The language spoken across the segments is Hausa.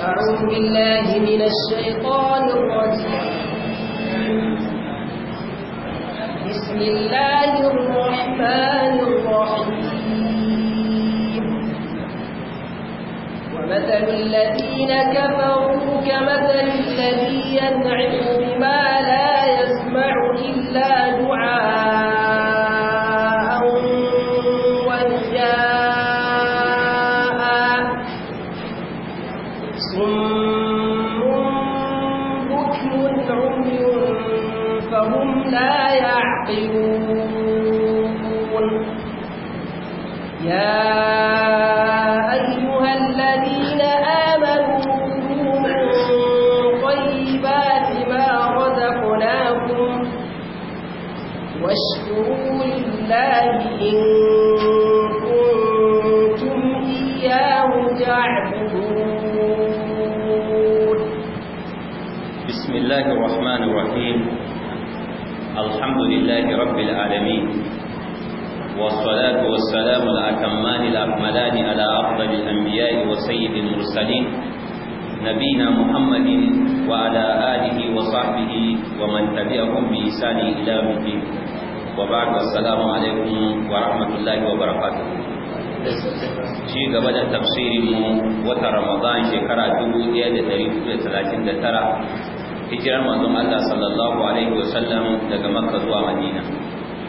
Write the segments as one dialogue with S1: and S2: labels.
S1: أعوذ بالله من الشيطان الرجيم بسم الله الرحمن الرحيم ومثل الذين كفروا كمثل الذي ينعم
S2: تبعهم بإحسان إلى يوم وبعد السلام عليكم ورحمة الله وبركاته ci gaba da tafsirinmu wata ramadan shekara 1439 hijirar manzon Allah sallallahu alaihi wasallam daga makka zuwa madina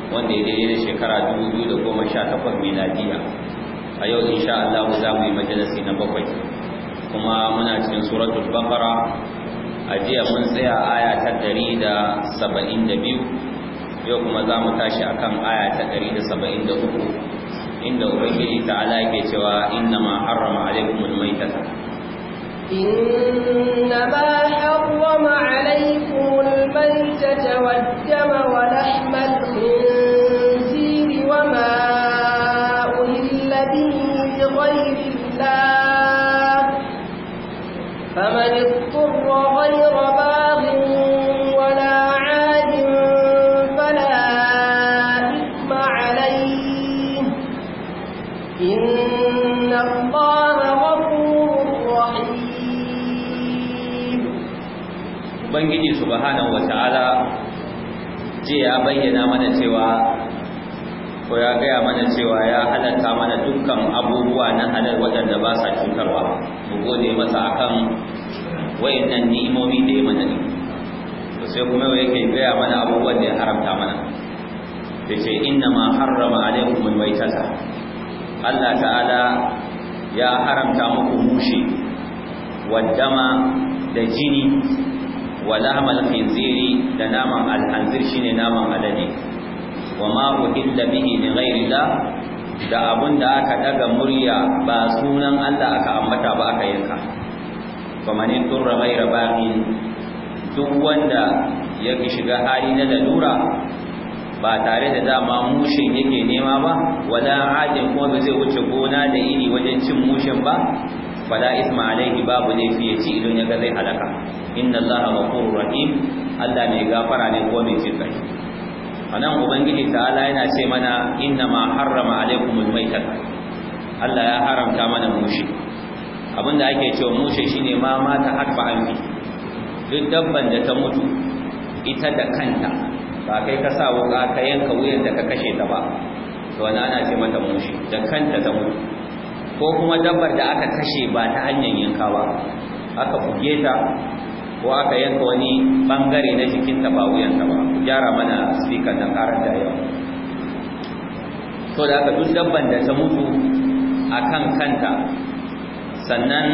S2: wanda ya daidai da shekara 2018 miladiya a yau insha Allah za mu yi majalisi na bakwai kuma muna cikin suratul baqara ajiya mun tsaya aya ta 172 yau kuma za mu tashi akan aya ta 173 inda ubangiji ala yake cewa inna ma harrama alaikumul maitata
S1: inna ma
S2: cewa ya halatta mana dukkan abubuwa na halal waɗanda ba sa cutarwa mu gode masa akan wayannan ni'imomi da ya mana ne to sai kuma yake gaya mana abubuwan da ya haramta mana da ce inna ma harrama alaikum almaytata Allah ta'ala ya haramta muku mushi wadama da jini wa lahmal khinziri da naman alhanzir shine naman alade wa ma uhilla bihi li ghayri Allah da abun da aka daga murya ba sunan Allah aka ambata ba aka yanka famanin turra ghaira baqin duk wanda ya shiga hali na lalura ba tare da dama mushin yake nema ba wala hajin kuma ba zai wuce gona da iri wajen cin mushin ba fala isma alaihi babu ne ya ci idan ya ga zai halaka inna allaha ghafurur rahim Allah mai gafara ne ko mai jin anan ubangiji ta'ala yana ce mana inna ma harrama alaikumul maitat Allah ya haramta mana mushi abinda ake cewa mushi shine ma mata harba anbi duk dabban da ta mutu ita da kanta ba kai ka sa wuka ka yanka wuyan da ka kashe ta ba to wani ana ce mata mushi da kanta ta mutu ko kuma dabbar da aka kashe ba ta hanyar yanka ba aka buge ta ko aka yanka wani bangare na jikinta ba wuyanta ba ku gyara mana speaker nan karar da yau to da aka duk dabban da ta mutu a kan kanta sannan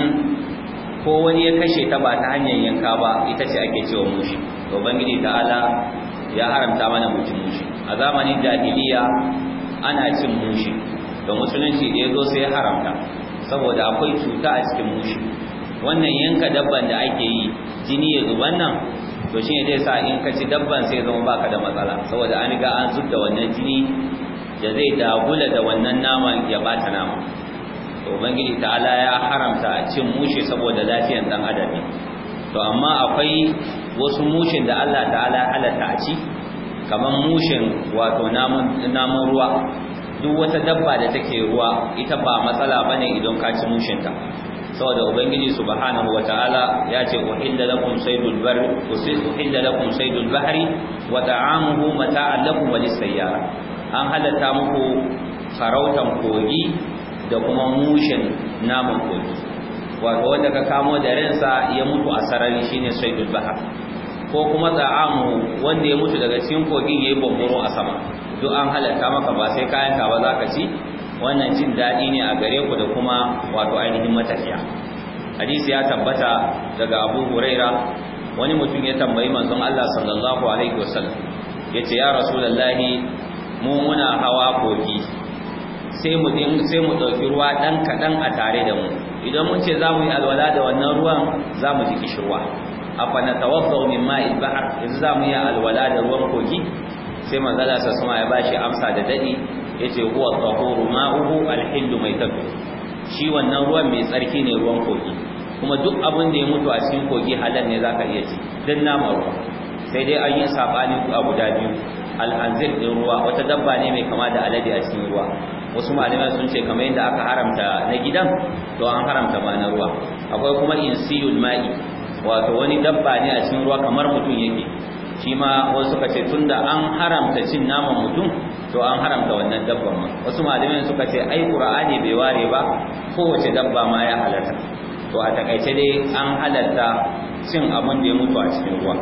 S2: ko wani ya kashe ta ba ta hanyar yanka ba ita ce ake cewa mushi to ta ala ya haramta mana mutu mushi a zamanin jahiliya ana cin mushi da musulunci da ya zo sai ya haramta saboda akwai cuta a cikin mushi wannan yanka dabban da ake yi jini ya zuba nan to shine zai sa in ka ci dabban sai zama baka da matsala saboda an ga an zub da wannan jini da zai dagula da wannan nama ya bata nama to ubangiji ta'ala ya haramta cin mushe saboda lafiyar dan adam to amma akwai wasu mushin da Allah ta'ala halatta a ci kamar mushin wato namun ruwa duk wata dabba da take ruwa ita ba matsala bane idan ka ci ta. saboda ubangiji subhanahu wataala ya ce uhilla lakum saydul barri usil uhilla lakum saydul bahri wa ta'amuhu mata'an lakum wa lisayyara an halatta muku farautan kogi da kuma mushin naman kogi wato wanda ka kamo da ransa ya mutu a sarari shine saydul bahar ko kuma ta'amuhu wanda ya mutu daga cikin kogin yayi bomboro a sama duk an halatta maka ba sai kayan ka ba zaka ci wannan jin daɗi ne a gare ku da kuma wato ainihin matafiya hadisi ya tabbata daga abu huraira wani mutum ya tambayi manzon Allah sallallahu alaihi wasallam yace ya rasulullahi mu muna hawa kogi sai mu ɗauki ruwa dan kaɗan a tare da mu idan mun ce zamu yi alwala da wannan ruwan zamu ji kishirwa afa tawaffa min ma'il bahr idan zamu yi alwala da ruwan kogi sai manzala sa sama ya bashi amsa da dadi yace huwa tahuru ma'uhu mai tabbi shi wannan ruwan mai tsarki ne ruwan kogi kuma duk abin da ya mutu a cikin kogi halal ne zaka iya ci dan nama ruwa sai dai an yi sabani abu da biyu anzir din ruwa wata dabba ne mai kama da alade a cikin ruwa wasu malamai sun ce kamar yadda aka haramta na gidan to an haramta ma na ruwa akwai kuma insiyul ma'i wato wani dabba ne a cikin ruwa kamar mutum yake shi ma wasu suka ce tunda an haramta cin naman mutum to an haramta wannan dabba ma wasu malamin suka ce ai qur'ani bai ware ba kowace dabba ma ya halatta to a takaice dai an halatta cin abin da ya mutu a cikin ruwa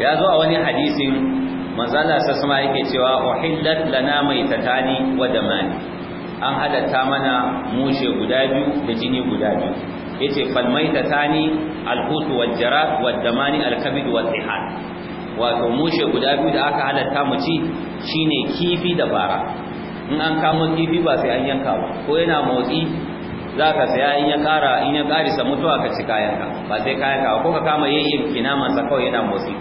S2: ya zo a wani hadisin manzala sassama yake cewa uhillat lana maitatani wa damani an halatta mana mushe guda biyu da jini guda biyu yace fal maitatani alhutu wal jarat wad damani al kabid wal ihad wato mushe guda biyu da aka halatta mu ci shine kifi da fara in an kamo kifi ba sai an yanka ba ko yana motsi za ka saya in ya kara in ya karisa mutuwa ka ci kayanka ba sai kayanka ko ka kama yayin kinamansa kawai yana motsi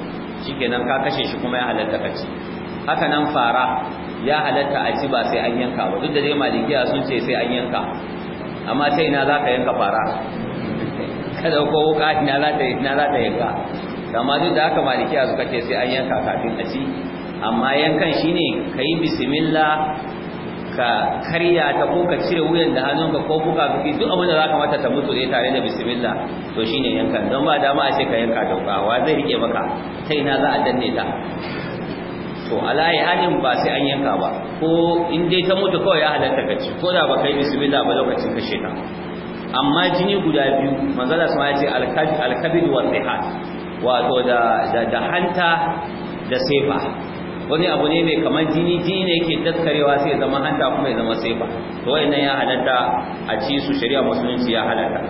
S2: shikenan ka kashe shi kuma ya halatta ka ci haka nan fara ya halatta a ci ba sai an yanka ba duk da dai malikiya sun ce sai an yanka amma sai ina za ka yanka fara kada ko wuka ina za ta yanka amma duk da haka malikiya suka ce sai an yanka kafin a ci amma yankan shi ne ka yi bismillah ka karya ta ko ka cire wuyan da ka ko buga biki duk abin da za ka mata ta mutu ne tare da bismillah to shi ne yankan don ba dama a ce ka yanka dauka wa zai rike maka ta ina za a danne ta to alayi halin ba sai an yanka ba ko in dai ta mutu kawai ya halatta ka ci ko da ba ka yi bismillah ba lokacin kashe ta amma jini guda biyu manzala su ya ce alkabid wa sihat wato da hanta da sefa wani abu ne mai kamar jini jini ne yake daskarewa sai zama hanta kuma ya zama ba to wayannan ya halatta a ci su shari'a musulunci ya halatta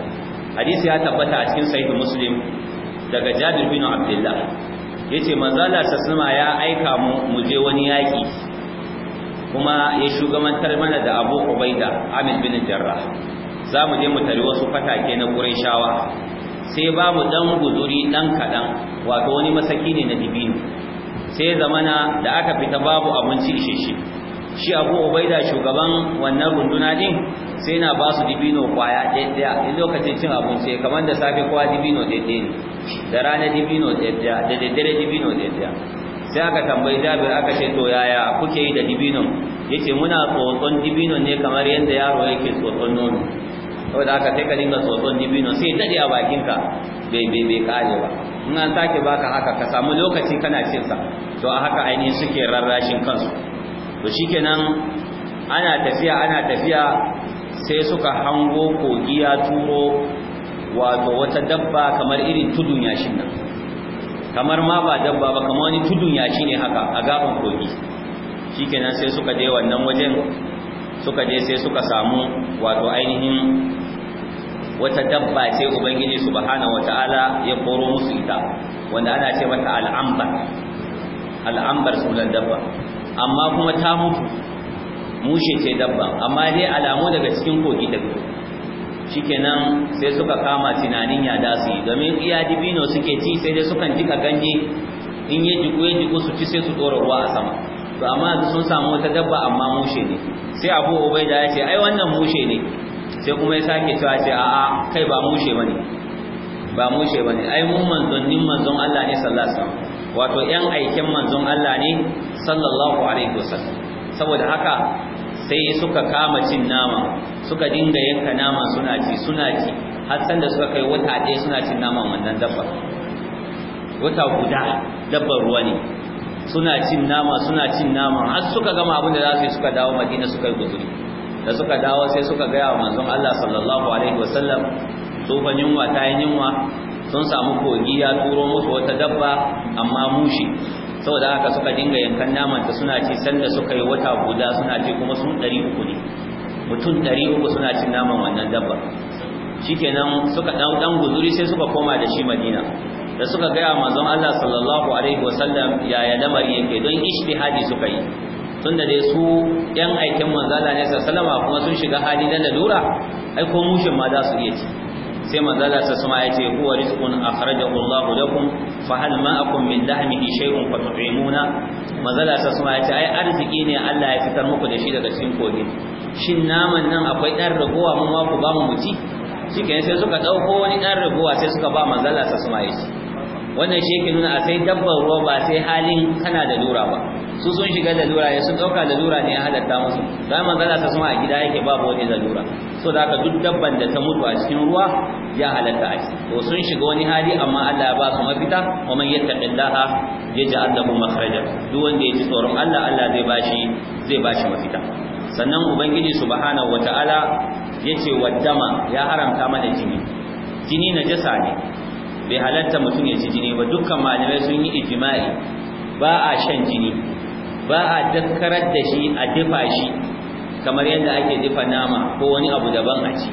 S2: hadisi ya tabbata a cikin sahih muslim daga jabir bin abdullah yace manzo Allah sallama ya aika mu mu je wani yaki kuma ya shugabantar mana da Abu Ubaida Amir bin Jarrah za mu je mu tare wasu fatake na Qurayshawa sai ba mu dan guzuri dan kadan wato wani masaki ne na dibino sai zamana da aka fita babu abinci isheshe shi abu ubaida shugaban wannan runduna din sai na ba su dibino kwaya daidaiya in lokacin cin abinci kamar da safe kowa dibino ɗaya ne da rana dibino ɗaya da daddare dibino ɗaya sai aka tambayi jabir aka ce to yaya kuke yi da dibinon yace muna tsotson dibino ne kamar yadda yaro yake tsotson nono saboda aka sai ka dinga tsotson dibinon sai daɗe a bakinka bai bai bai kare ba in an sake baka haka ka samu lokaci kana cin sa to a haka ainihin suke rarrashin kansu to shikenan ana tafiya ana tafiya sai suka hango kogi ya turo wato wata dabba kamar irin tudun yashin nan kamar ma ba dabba ba kamar wani tudun yashi ne haka a gaban kogi shikenan sai suka je wannan wajen suka je sai suka samu wato ainihin wata dabba ce ubangiji subhanahu wataala ya koro musu ita wanda ana ce mata al'ambar al'ambar sunan dabba amma kuma ta mutu mushe ce dabba amma dai alamu daga cikin kogi da fito shikenan sai suka kama tunanin ya dasu domin iya dibino suke ci sai dai sukan jika ganye in ya jiku ya jiku su ci sai su dora ruwa a sama to amma sun samu wata dabba amma mushe ne sai abu ubaida ya ce ai wannan mushe ne sai kuma ya sake cewa ce a'a kai ba mushe bane ba mushe bane ai mun manzonnin manzon Allah ne sallallahu alaihi wasallam wato yan aikin manzon Allah ne sallallahu alaihi wasallam saboda haka sai suka kama cin nama suka dinga yanka nama suna ci suna ci har san da suka kai wata ɗaya suna cin nama wannan dabba wata guda dabba ruwa ne suna cin nama suna cin nama har suka gama abin da za su yi suka dawo madina suka yi guzuri da suka dawo sai suka gaya wa manzon Allah sallallahu alaihi wasallam tsufan yunwa ta yi yunwa sun samu kogi ya turo musu wata dabba amma mushi saboda haka suka dinga yankan naman ta suna ci sanda suka yi wata guda suna ci kuma sun 300 ne mutum 300 suna cin naman wannan dabba shikenan suka dan dan guzuri sai suka koma da shi Madina da suka ga manzon Allah sallallahu alaihi wasallam yaya lamari yake don ijtihadi suka yi tunda dai su yan aikin manzala ne sallama kuma sun shiga hali da dura ai ko mushin ma za su iya ci sai manzala sa suma yace huwa rizqun akhrajahu Allah lakum fa hal akum min lahmihi shay'un fat'imuna manzala sa ya yace ai arziki ne Allah ya fitar muku da shi daga cikin kogin shin naman nan akwai dan ragowa mun ma ku ba mu muci shikenan sai suka dauko wani dan ragowa sai suka ba manzala sa ya yace wannan shi yake nuna a sai dabbar ruwa ba sai halin kana da lura ba su sun shiga lura ya sun dauka da lura ne ya halatta musu dan manzala ta sama a gida yake babu wani lura so da ka duk dabban da ta mutu a cikin ruwa ya halatta a shi to sun shiga wani hali amma Allah ya ba su mafita wa man yattaqillaha yaj'al lahu makhraja duk wanda ya ji tsoron Allah Allah zai bashi zai bashi mafita sannan ubangiji subhanahu wataala yace wadama ya haramta mana jini jini na jasa ne bai halatta mutum ya ci jini ba dukkan malamai sun yi ijma'i ba a shan jini ba a daskarar da shi a dafa shi kamar yadda ake dafa nama ko wani abu daban a ci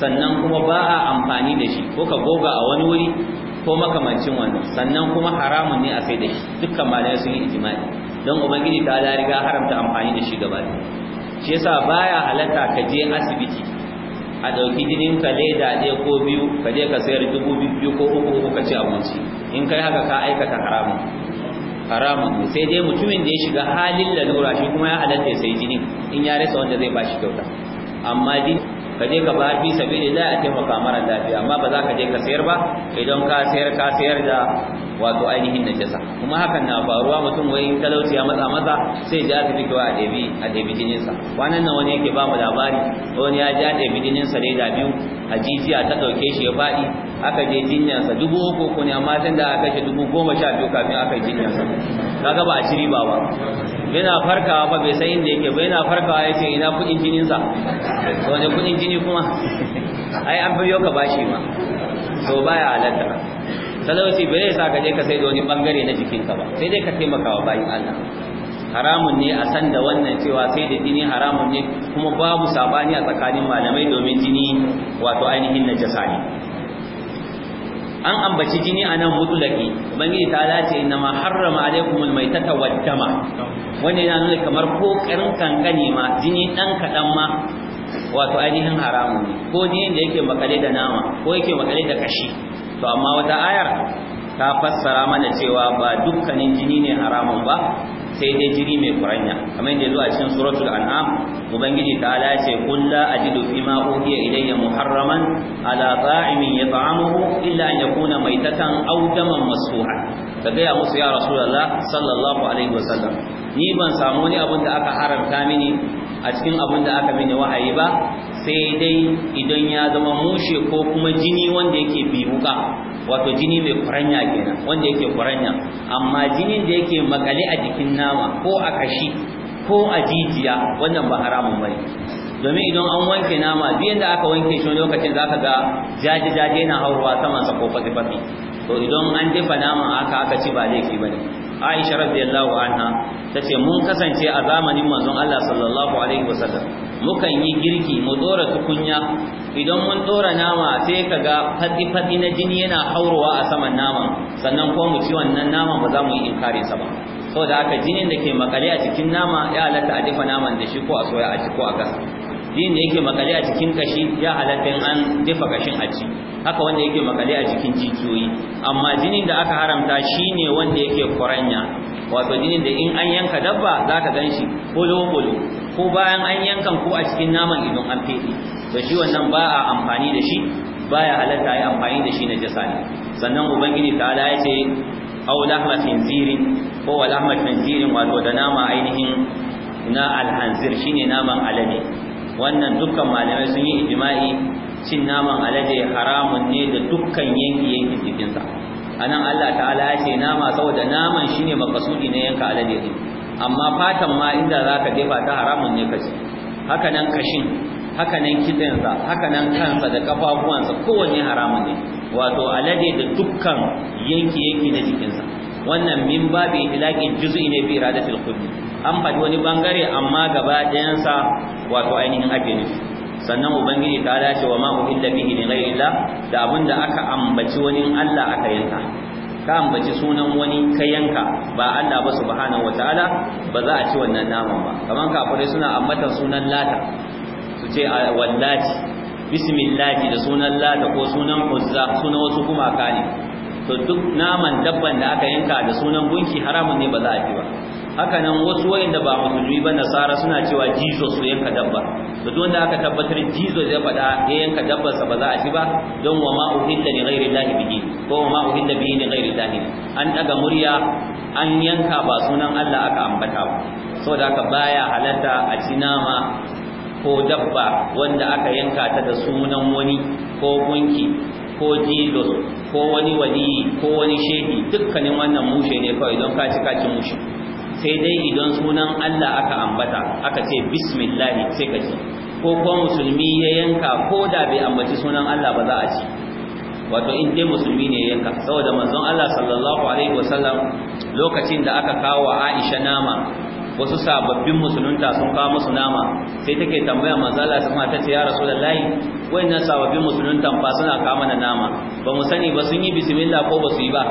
S2: sannan kuma ba a amfani da shi ko ka goga a wani wuri ko makamancin wannan sannan kuma haramun ne a sai da shi dukkan malamai sun yi ijma'i don ubangiji ta da riga haramta amfani da shi gaba shi yasa baya halatta ka je asibiti a ɗauki jinin ka leda ɗaya ko biyu ka je ka sayar dubu biyu ko uku ko ka ci abinci in kai haka ka aikata haramun haramun sai dai mutumin da ya shiga halin lalura shi kuma ya halatta sai jini in ya rasa wanda zai bashi kyauta amma din ka je ka bayar fi sabilillah a taimaka mara lafiya amma ba za ka je ka sayar ba idan ka sayar ka sayar da wato ainihin najasa kuma hakan na faruwa mutum wai talauci ya matsa masa sai ya tafi kawai a debi a ɗebi jininsa wannan nan wani yake ba mu labari wani ya ji ja ɗebi jininsa da biyu a jijiya ta dauke shi ya faɗi aka je sa dubu uku ko ne amma tunda da aka kashe dubu goma sha biyu kafin aka yi sa kaga ba a shiri ba ba yana farkawa fa bai san inda yake ba yana farkawa ya ce ina kuɗin jininsa to ne kuɗin jini kuma
S1: ai an biyo ka bashi ma
S2: to baya halatta talauci bai zai sa ka je ka sai da wani bangare na jikinka ba sai dai ka taimaka wa bayin Allah haramun ne a san da wannan cewa sai da jini haramun ne kuma babu sabani a tsakanin malamai domin jini wato ainihin najasa ne an ambaci jini anan mutulaki ubangiji ta lace inna ma harrama alaikum almaytata waddama wani yana nuna kamar ko karin kankani ma jini dan kadan ma wato ainihin haramun ne ko jini da yake makale da nama ko yake makale da kashi to amma wata ayar ta fassara mana cewa ba dukkanin jini ne haramun ba sai dai jiri mai kuranya kamar yadda zuwa cikin suratul an'am ubangiji ta ala ce qul la ajidu fi ma uhiya ilayya muharraman ala ta'imin yat'amuhu illa an yakuna maitatan aw daman masfuha ka gaya musu ya rasulullah sallallahu alaihi wasallam ni ban samu wani abin da aka haramta mini a cikin abin da aka mini wahayi ba sai dai idan ya zama mushe ko kuma jini wanda yake bi wuka wato jini mai kuranya kenan wanda yake kuranya amma jinin da yake makale a jikin nama ko a kashi ko a jijiya wannan ba haramun bane domin idan an wanke nama biyan da aka wanke shi lokacin za ka ga jaji jaji yana hauruwa saman sa ko fafi to idan an dafa nama aka aka ci ba laifi bane Aisha radiyallahu anha tace mun kasance a zamanin manzon Allah sallallahu alaihi wasallam mukan yi girki mu dora tukunya idan mun dora nama sai kaga fadi fadi na jini yana haurowa a saman naman sannan ko mu ci wannan naman ba za mu yi inkari sa ba saboda haka jinin da ke makale a cikin nama ya halatta a dafa naman da shi ko a soya a ko a gasa jini da yake makale a cikin kashi ya halatta an dafa kashin a haka wanda yake makale a cikin jijiyoyi amma jinin da aka haramta shine wanda yake kuranya wato jinin da in an yanka dabba zaka ganshi kolo kolo ko bayan an yankan ko a cikin naman idan an fede to shi wannan ba a amfani da shi baya halatta ai amfani da shi na jasa ne sannan ubangiji ta'ala ya ce aw lahma khinzirin ko wa lahma wato da nama ainihin na alhanzir shine naman alade wannan dukkan malamai sun yi ijima'i cin naman alade haramun ne da dukkan yanki yankin jikinsa anan Allah ta'ala ya ce nama saboda naman shine makasudi na yanka alade din amma fatan ma inda zaka jefa ta haramun ne kace haka nan kashin haka nan kitsensa haka nan kansa da kafafuwansa kowanne haramun ne wato alade da dukkan yanki yanki na jikinsa wannan min babu itlaqin juz'i ne bi iradatil kulli an faɗi wani bangare amma gaba ɗayansa wato ainihin ake nufi sannan ubangiji ta dace wa ma'u illa bihi ne ghairi da abin da aka ambaci wani Allah aka yanka ka ambaci sunan wani ka yanka ba Allah ba subhanahu wataala ba za a ci wannan naman ba kaman kafirai suna ambatan sunan lata su ce wallahi bismillahi da sunan lata ko sunan uzza sunan wasu kuma ka ne to duk naman dabban da aka yanka da sunan gunki haramun ne ba za a ci ba haka nan wasu wayanda ba musulmi ba nasara suna cewa jesus ya yanka dabba to duk wanda aka tabbatar jesus ya faɗa ya yanka dabbar sa ba za a ci ba don wa ma uhilla ghairi llahi bihi ko wa ma uhilla bihi ni ghairi llahi an daga murya an yanka ba sunan Allah aka ambata ba saboda haka baya halatta a ci nama ko dabba wanda aka yanka ta da sunan wani ko gunki ko jesus ko wani wali ko wani shehi dukkanin wannan mushe ne kawai don ka ci ka mushe sai dai idan sunan Allah aka ambata aka ce bismillah sai ka ci ko kuma musulmi ya yanka ko da bai ambaci sunan Allah ba za a ci wato in dai musulmi ne ya yanka saboda manzon Allah sallallahu alaihi wasallam lokacin da aka kawo Aisha nama wasu sababbin musulunta sun kawo musu nama sai take tambaya manzon Allah sama ta ce ya rasulullahi wayannan sababbin musuluntan fa suna kawo mana nama ba mu sani ba sun yi bismillah ko ba su yi ba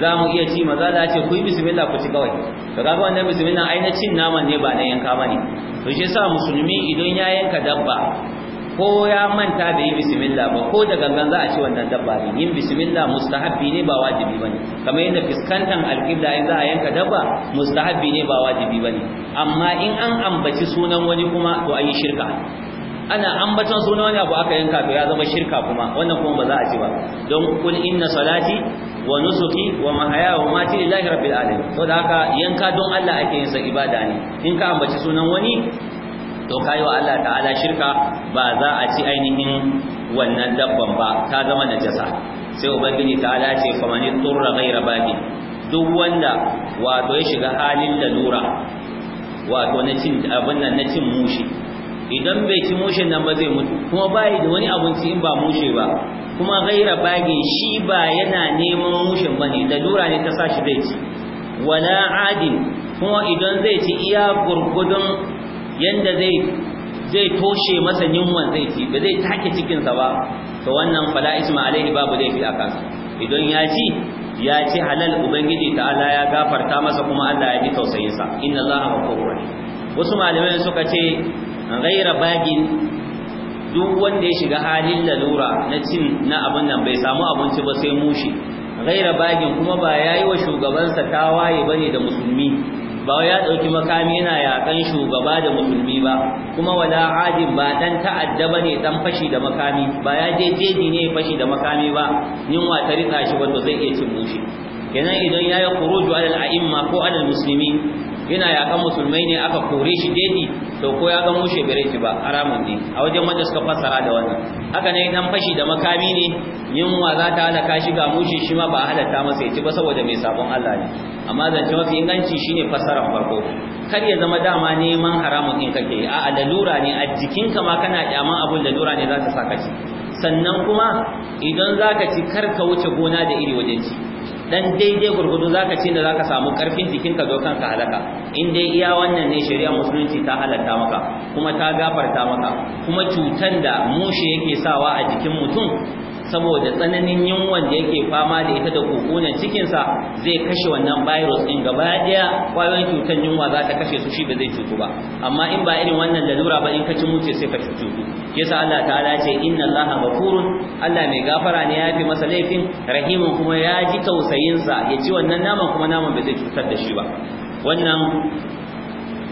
S2: za mu iya ci maza da ce ku yi bismillah ku ci kawai to kaga wannan bismillah ai na cin naman ne ba na yanka bane to shi yasa musulmi idan ya yanka dabba ko ya manta da yi bismillah ba ko da gangan za a ci wannan dabba ne yin bismillah mustahabbi ne ba wajibi bane kamar yadda fiskantan alqibla in za a yanka dabba mustahabbi ne ba wajibi bane amma in an ambaci sunan wani kuma to ayi shirka ana ambaton suna wani abu aka yanka to ya zama shirka kuma wannan kuma ba za a ci ba don kul inna salati wa nusuki wa mahaya wa mati lillahi rabbil alamin to da haka yanka don Allah ake yin sa ibada ne in ka ambaci sunan wani to kai wa Allah ta'ala shirka ba za a ci ainihin wannan dabban ba ta zama najasa sai ubangiji ta'ala ce famani turra ghaira baki. duk wanda wato ya shiga halin lalura wato na cin abin nan na cin mushi idan bai ci mushen nan ba zai mutu kuma bai da wani abun ci in ba mushe ba kuma gaira bagin shi ba yana neman ne. bane lura ne ta sashi zai ci wala adin kuma idan zai ci iya gurgudun yanda zai zai toshe masa yunwan zai ci ba zai take cikin sa ba to wannan fala isma alaihi babu laifi a kansa idan ya ci ya ci halal ubangiji ta'ala ya gafarta masa kuma Allah ya ji tausayinsa inna allaha ghafurur rahim wasu malamai suka ce ghaira bagin duk wanda ya shiga halin lalura na cin na abin nan bai samu abinci ba sai mushi ghaira bagin kuma ba yayi wa shugabansa tawaye bane da musulmi ba ya dauki makami yana yakan shugaba da musulmi ba kuma wala adin ba dan ta'adda bane dan fashi da makami ba ya je jeji ne fashi da makami ba yunwa ta rika shi wanda zai iya cin mushi kenan idan yayi khuruju alal a'imma ko alal muslimin yana yakan musulmai ne aka kore shi dedi to ko ya gan mushe bare shi ba haramun ne a wajen wanda suka fassara da wannan haka ne dan fashi da makami ne yunwa za ta halaka shi ga mushi shi ma ba halatta masa yaci ba saboda mai sabon Allah ne amma ce mafi inganci shine fassarar farko kar ya zama dama neman haramun din kake a lalura ne a jikinka ma kana kyaman abun lalura ne za ta saka ci sannan kuma idan zaka ci kar ka wuce gona da iri wajen ci dan daidai gurgudu zaka ce da zaka samu karfin jikinka zo kanka halaka in dai iya wannan ne shari'a musulunci ta halatta maka kuma ta gafarta maka kuma cutan da mushe yake sawa a jikin mutum saboda tsananin yunwan da yake fama da ita da cikin cikinsa zai kashe wannan virus din gaba daya kwayoyin cutar yunwa za ta kashe su shi ba zai cutu ba amma in ba irin wannan lalura ba in ka ci mutu sai ka cutu yasa Allah ta'ala ce inna Allaha ghafurun Allah mai gafara ne ya fi masa laifin rahimun kuma ya ji tausayin sa ya ci wannan naman kuma naman ba zai cutar da shi ba wannan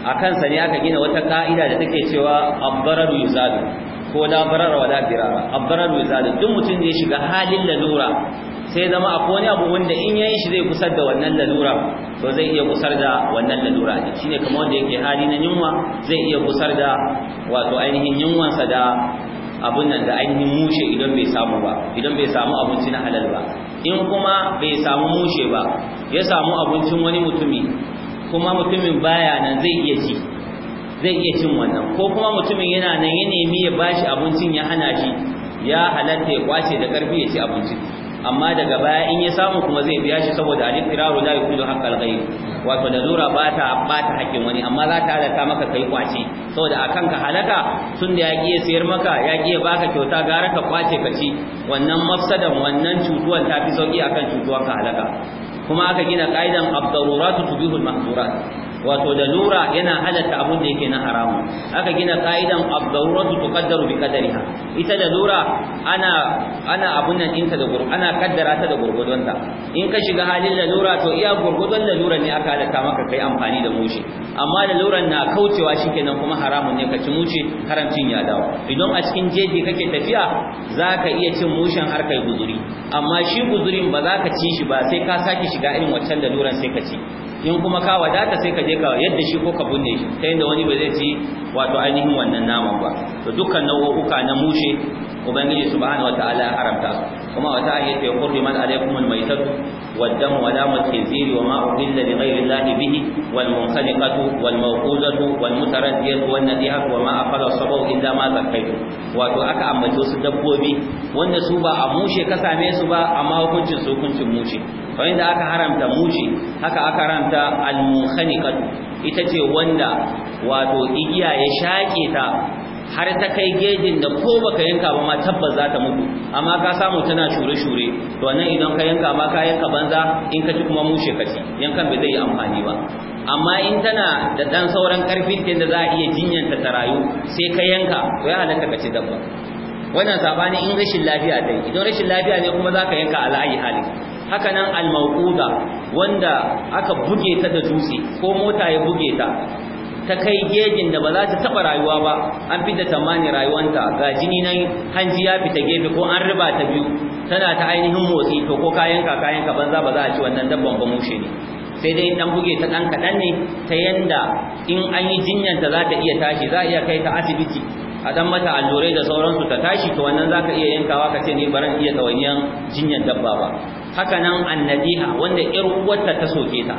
S2: a kansa ne aka gina wata ka'ida da take cewa abdararu yuzadu ko la barara wala birara abdarar wizali duk mutum da ya shiga halin lalura sai zama akwai wani abu wanda in yayi shi zai kusar da wannan lalura to zai iya kusar da wannan lalura ne shine kamar wanda yake hali na yunwa zai iya kusar da wato ainihin yunwansa da abun nan da ainihin mushe idan bai samu ba idan bai samu abinci na halal ba in kuma bai samu mushe ba ya samu abincin wani mutumi kuma mutumin baya nan zai iya ci zai iya cin wannan ko kuma mutumin yana nan ya nemi ya bashi abincin ya hana shi ya halatta ya kwace da karfi ya ci abincin amma daga baya in ya samu kuma zai biya shi saboda alif iraru la yuqidu haqqal ghayr wato da zura ba ta ba ta hakkin wani amma za ta halatta maka kai kwace saboda akan ka halaka tun da ya sayar maka ya kiye baka kyauta gara ka kwace ka ci wannan mafsadan wannan cutuwan ta fi sauki akan cutuwan ka halaka kuma aka gina qaidan abdaruratu tubihul mahdurat wato da lura yana halatta abun da yake na haramun. aka gina ka'idan abdawratu tuqaddaru bi qadariha ita da lura ana ana abun nan ɗinta da ana kaddara ta da gurgudun ta in ka shiga halin da lura to iya gurgudun da lura ne aka halatta maka kai amfani da mushi amma da na kaucewa shikenan kuma haramun ne ka ci mushi haramcin ya dawo idan a cikin jeji kake tafiya zaka iya cin mushin har kai guzuri amma shi guzurin ba za ka ci shi ba sai ka sake shiga irin waccan da sai ka ci in kuma ka wadata sai ka je ka yadda shi ko ka bunne shi ta yadda wani ba zai ci wato ainihin wannan naman ba to dukkan nau'uka na mushe ubangiji subhanahu wataala ya haramta kuma wata ayat ya qurbi man alaykum almaytat والدم ولام الخنزير وما أحل لغير الله به والمنخنقة والموقوذة والمتردية والنزيهة وما أقل الصبو إلا ما ذكيتم wato aka ambace su dabbobi wanda su ba a mushe ka same su ba amma hukuncin su hukuncin mushe kamar yadda aka haramta mushe haka aka haramta al-munkhaniqat ita ce wanda wato igiya ya shake ta har ta kai gejin da ko baka yanka ba ma tabbas za ta mutu amma ka samu tana shure-shure to nan idan ka yanka ma ka yanka banza in ka ci kuma mushe ka ci yankan bai zai yi amfani ba amma in tana da dan sauran karfin da za a iya jinyanta ta rayu sai ka yanka to ya halatta ka ci dabba wannan sabani in rashin lafiya dai idan rashin lafiya ne kuma za ka yanka ala'ayi hali haka nan almauquda wanda aka buge ta da dutse ko mota ya buge ta ta kai gegin da ba za ta taba rayuwa ba an fi da tamani rayuwanta ga jini nan hanji ya fita gefe ko an riba ta biyu tana ta ainihin motsi to ko kayan ka kayan ka banza ba za a ci wannan dabban ba mushe ne sai dai dan buge ta dan kadan ne ta yanda in an yi ta za ta iya tashi za a iya kai ta asibiti a dan mata allurai da sauransu ta tashi to wannan zaka iya yankawa ka ce ni baran iya dawanyan jinyar dabba ba haka nan annabiha wanda yar uwarta ta soke ta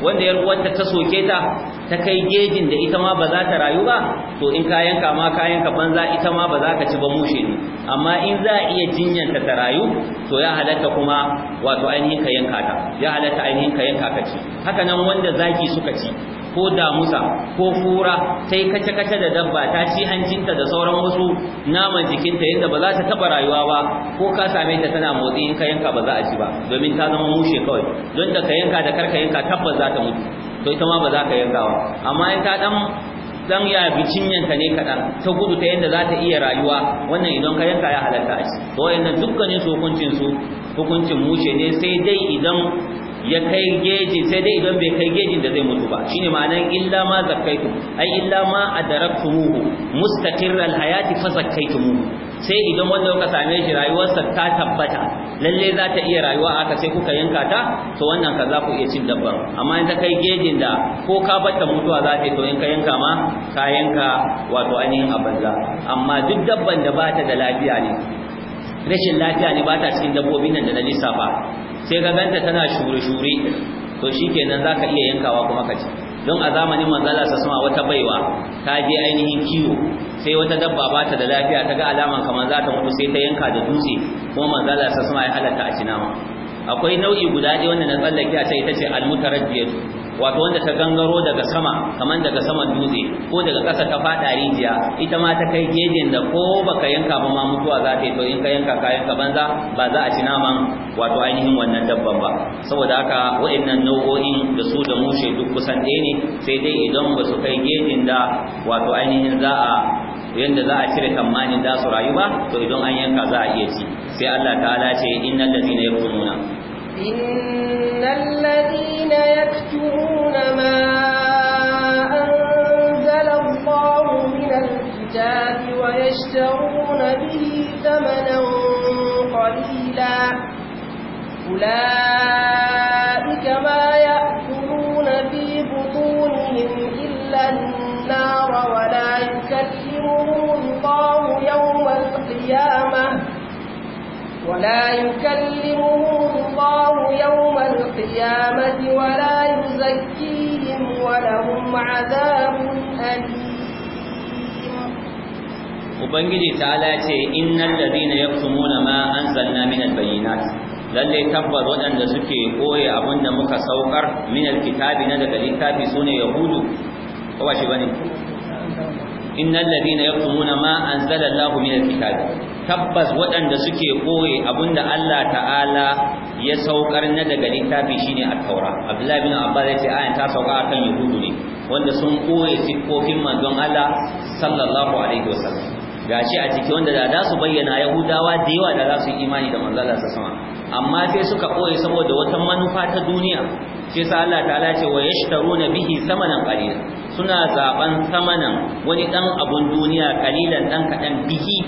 S2: wanda yar ta soke ta ta kai gejin da ita ma ba za ta rayu ba to in ka yanka ma ka banza ita ma ba za ka ci ba mushe ne amma in za a iya jinyanta ta rayu to ya halatta kuma wato ainihin ka yanka ta ya halatta ainihin ka yanka ka ci haka nan wanda zaki suka ci ko damusa ko kura ta yi kace-kace da dabba ta ci hancinta da sauran wasu naman jikinta yadda ba za ta taɓa rayuwa ba ko ka same ta tana motsi in ka yanka ba za a ci ba domin ta zama mushe kawai don da ka yanka da karka yanka tabbas za ta mutu to ita ma ba za ka yanka ba amma in ta dan dan ya bi cinyanta ne kaɗan ta gudu ta yadda za ta iya rayuwa wannan idan ka yanka ya halatta a shi, to wayannan dukkanin su hukuncin su hukuncin mushe ne sai dai idan ya kai geji sai dai idan bai kai gejin da zai mutu ba shine ma'anan illa ma zakkaitu ai illa ma adaraktumuhu mustaqirral hayati fa muhu sai idan wanda kuka same shi rayuwarsa ta tabbata lalle za ta iya rayuwa aka sai kuka yanka ta to wannan ka za ku iya cin dabbar amma in ta kai gejin da ko ka batta mutuwa za ta to in ka yanka ma ka yanka wato ainihin a amma duk dabban da bata da lafiya ne rashin lafiya ne ba ta cikin dabbobin nan da na lissafa sai gaganta tana shure-shure to shi shikenan zaka iya yankawa kuma ka ci don a zamanin manzala sa sama wata baiwa ta je ainihin kiwo sai wata dabba ba ta da lafiya ta ga alaman kamar za ta mutu sai ta yanka da dutse kuma manzala sa sama ya halatta a ci nama akwai nau'i guda ɗaya wanda na tsallake a ce ita ce almutaraddiyatu wato wanda ta gangaro daga sama kaman daga saman dutse ko daga ƙasa ta faɗa rijiya ita ma ta kai gejin da ko baka yanka ba ma mutuwa za ta yi to in ka yanka ka yanka banza ba za a ci naman wato ainihin wannan dabban ba saboda haka wa'annan nau'o'in da su da mushe duk kusan ɗaya ne sai dai idan ba su kai gejin da wato ainihin za a yanda za a cire tamanin da su rayu ba to idan an yanka za a iya ci sai Allah ta'ala ce innal ladina yaquluna
S1: إن الذين يكتمون ما أنزل الله من الكتاب ويشترون به ثمنا قليلا أولئك ما يأكلون في بطونهم إلا النار ولا يكلمهم الله يوم القيامة ولا يكلمهم القيامة ولا يزكيهم ولهم عذاب أليم
S2: Ubangiji ta ce innal ladina yaktumuna ma anzalna minal bayyinat lalle tabbas waɗanda suke koye abinda muka saukar minal kitabi na daga littafi sune yahudu ko ba shi bane innal ladina yaktumuna ma anzala Allahu minal kitabi tabbas waɗanda suke koye abinda Allah ta'ala ya saukar na daga littafi shine at-taura abdullahi bin abbas ya ce ayan ta sauka akan yahudu ne wanda sun koye siffofin manzon Allah sallallahu alaihi wasallam gashi a ciki wanda da su bayyana yahudawa da yawa da za su yi imani da manzon Allah sallallahu alaihi amma sai suka koye saboda wata manufa ta duniya sai sa Allah ta'ala ce wa yashtaruna bihi samanan qalila suna zaben samanan wani dan abun duniya kalilan dan kadan biki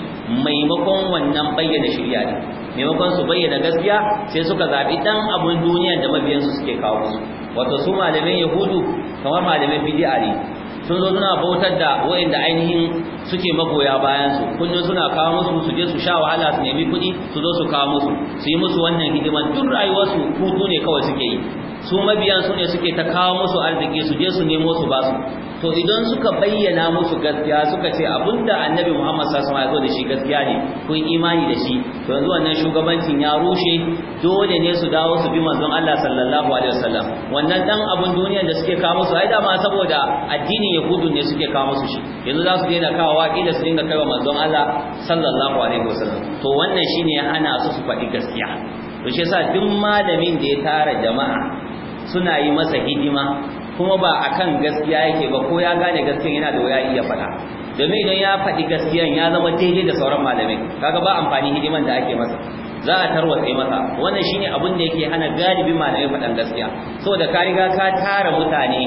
S2: maimakon wannan bayyana shirya ne maimakon su bayyana gaskiya sai suka zabi dan abun duniya da mabiyansu suke kawo wato su malamin yahudu kamar malamin bid'a sun zo suna bautar da wayanda ainihin suke magoya bayan su kullun suna kawo musu su je su sha wahala su nemi kuɗi su zo su kawo musu su yi musu wannan hidiman duk rayuwarsu hutu ne kawai suke yi su mabiyan su ne suke ta kawo musu arziki su je su nemo su ba su to idan suka bayyana musu gaskiya suka ce abinda annabi Muhammad sallallahu alaihi wasallam ya zo da shi gaskiya ne kun imani da shi to yanzu wannan shugabancin ya rushe dole ne su dawo su bi manzon Allah sallallahu alaihi wasallam wannan dan abun duniyar da suke kawo musu ai ma saboda addinin yahudu ne suke kawo musu shi yanzu za su daina kawo waƙi da su dinga kaiwa manzon Allah sallallahu alaihi wasallam to wannan shine ya hana su su faɗi gaskiya to shi yasa duk malamin da ya tara jama'a suna yi masa hidima kuma ba akan gaskiya yake ba ko ya gane gaskiya yana da waya iya faɗa domin idan ya faɗi gaskiyan ya zama daidai da sauran malamai kaga ba amfani hidiman da ake masa za a tarwatsa masa wannan shine abin da yake hana galibi malamai faɗan gaskiya saboda ka riga ka tara mutane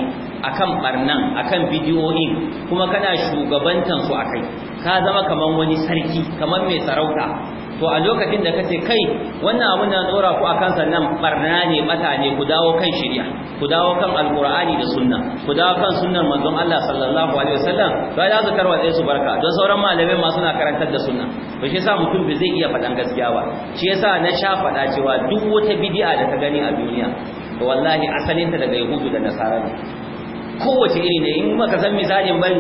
S2: akan barnan akan bidiyoyi kuma kana shugabantan su akai ka zama kaman wani sarki kaman mai sarauta to a lokacin da kace kai wannan abun da tsora ku akan sannan barna ne mutane ku dawo kan shari'a ku dawo kan alqur'ani da sunna ku dawo kan sunnar manzon Allah sallallahu alaihi wasallam to ya zakar wa su barka don sauran malamai ma suna karantar da sunna to shi yasa mutum bai zai iya faɗan gaskiya ba shi yasa na sha fada cewa duk wata bid'a da ka gani a duniya to wallahi asalinta daga yahudu da nasara kowace iri ne in maka san misalin ban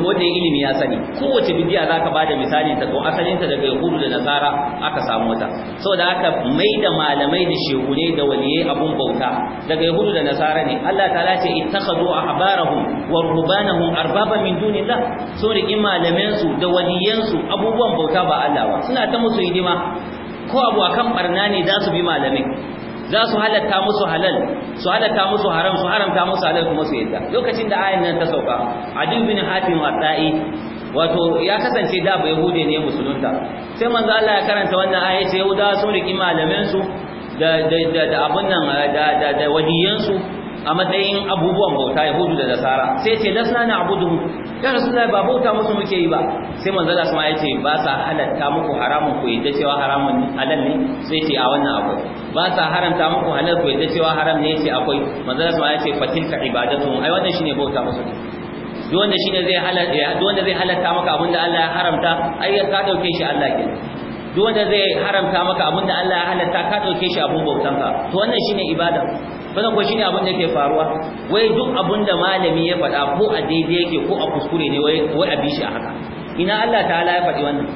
S2: wanda ilimi ya sani kowace bidiya za ka bada misalin ta to asalin ta daga yahudu da nasara aka samu ta saboda aka mai da malamai da shehune da waliyai abun bauta daga yahudu da nasara ne Allah ta'ala ce ittakhadhu ahbarahum wa rubanahum arbaba min dunillah so riki malamai su da waliyan su abubuwan bauta ba Allah ba suna ta musu hidima ko abu akan barna ne za su bi malamai za su halatta musu halal su halatta musu haram su haramta musu halal kuma su yadda lokacin da ayan nan ta sauka adil bin hatim wasa'i wato ya kasance da ba yahude ne musulunta sai manzo Allah ya karanta wannan aya sai yahuda sun riki malaman su da da da abun nan da da da a matsayin abubuwan bauta yahudu da nasara sai ce lasna na abudu ya rasulullahi ba bauta musu muke yi ba sai manzon Allah ya ce ba sa halatta muku haramun ku yadda cewa haramun halal ne sai ce a wannan abu ba sa haramta muku halal ku yadda cewa haram ne sai akwai manzon Allah ce fatil ka ibadatu ai wannan shine bauta musu duk wanda shine zai halatta eh, duk wanda zai halatta maka abinda Allah ya haramta ai ka dauke shi Allah ke duk wanda zai haramta maka abinda Allah ya halatta ka dauke shi abun bautanka to wannan shine ibada wannan ko shine abin da yake faruwa wai duk abin da malami ya faɗa ko a daidai yake ko a kuskure ne wai wai a bishi a haka ina Allah ta'ala ya faɗi wannan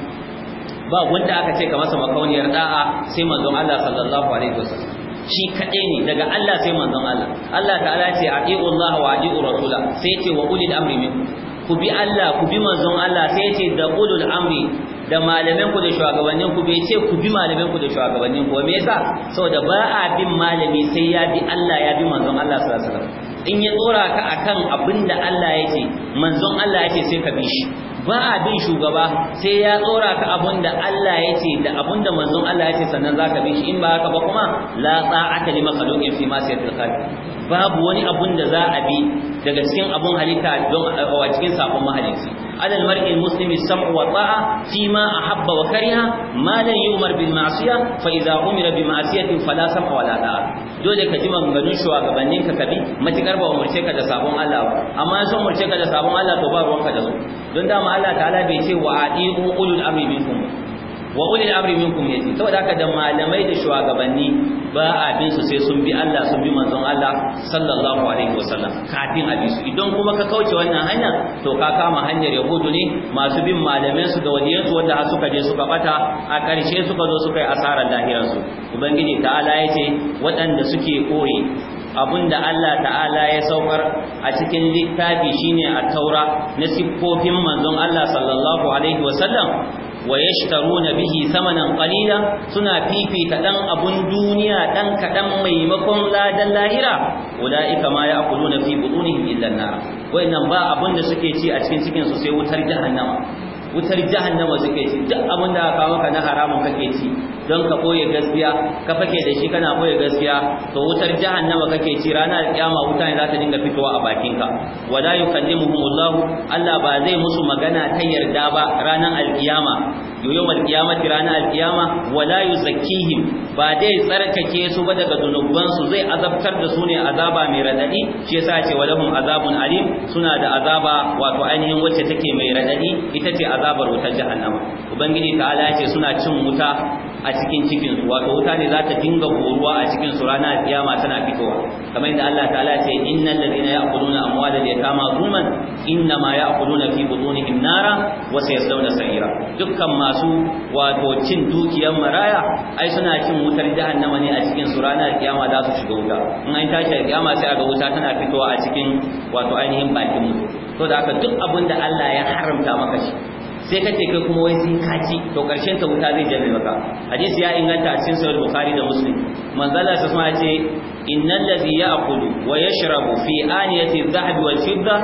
S2: ba wanda aka ce ka masa makauniyar da'a sai manzon Allah sallallahu alaihi wasallam shi kadai ne daga Allah sai manzon Allah Allah ta'ala ce aqiu Allah wa aqiu rasula sai ce wa ulil amri minkum ku bi Allah ku bi manzon Allah sai ce da ulul amri da malamin ku da shugabannin ku bai ce ku bi malamin ku da shugabannin ku me yasa saboda ba a bin malami sai ya bi Allah ya bi manzon Allah sallallahu alaihi wasallam in ya tsora ka akan abinda Allah yake manzon Allah yake sai ka bi shi ba a bin shugaba sai ya tsora ka abinda Allah yake da abinda manzon Allah yake sannan zaka bi shi in ba haka ba kuma la sa'ata li makhluqin fi ma'siyatil khaliq babu wani abinda za a bi daga cikin abun halitta don a cikin sakon mahalici على المرء المسلم السمع والطاعة فيما أحب وكره ما لا يؤمر بالمعصية فإذا أمر بمعصية فلا سمع ولا طاعة dole ka ji maganganun shugabannin ka kabi matukar ba umarce ka da sabon Allah ba amma sun umarce ka da sabon Allah to ba ruwanka da su don dama Allah ta'ala bai ce wa adiqu ulul amri minkum wa al amri minkum yati saboda haka da malamai da shugabanni ba bin su sai sun bi Allah sun bi manzon Allah sallallahu alaihi wasallam kafin a bi su idan kuma ka kauce wannan hanya to ka kama hanyar yahudu ne masu bin malamai su da waliyan su wanda suka je suka bata a karshe suka zo suka yi asarar lahirar su ubangiji ta'ala ya ce waɗanda suke koyi abunda Allah ta'ala ya saukar a cikin littafi shine a taura na siffofin manzon Allah sallallahu alaihi wasallam wa yashtaruna bihi thamanan qalila suna fifita dan abun duniya dan kadan maimakon ladan lahira ulaika ma ya'kuluna fi butunihim illa an-nar wayannan ba abun da suke ci a cikin cikin su sai wutar jahannama wutar jahannama suke ci duk abin da aka maka na haramun kake ci don ka boye gaskiya ka fake da shi kana boye gaskiya to wutar jahannama kake ci ranar kiyama wuta ne za ta dinga fitowa a bakinka wala yukallimuhumullah Allah ba zai musu magana ta yarda ba ranar alkiyama yawm alkiyamati ranar alkiyama wala yuzakkihim ba dai tsarkake su ba daga zunubansu zai azabtar da su ne azaba mai radadi shi yasa ce walahum azabun alim suna da azaba wato ainihin wacce take mai radadi ita ce azabar wutar jahannama ubangiji ta'ala ce suna cin wuta a cikin cikin su wato wuta ne za ta dinga horuwa a cikin su ranar kiyama tana fitowa kamar yadda Allah ta'ala ya ce innal ladina ya'kuluna amwalal yatama zulman inna ma ya'kuluna fi butunihim nara wa sayaslawna sa'ira dukkan masu wato cin dukiyar maraya ai suna cin wutar jahannama ne a cikin su ranar kiyama za su shiga wuta in an tashi kiyama sai a ga wuta tana fitowa a cikin wato ainihin bakin mu to da haka duk abin da Allah ya haramta maka shi sai kace kai kuma wai sai ka to karshen ta wuta zai jame maka hadisi ya inganta a cikin sahih bukhari da muslim manzala sa kuma ce innal ladhi ya'kulu wa yashrabu fi aniyati dhahab wal fidda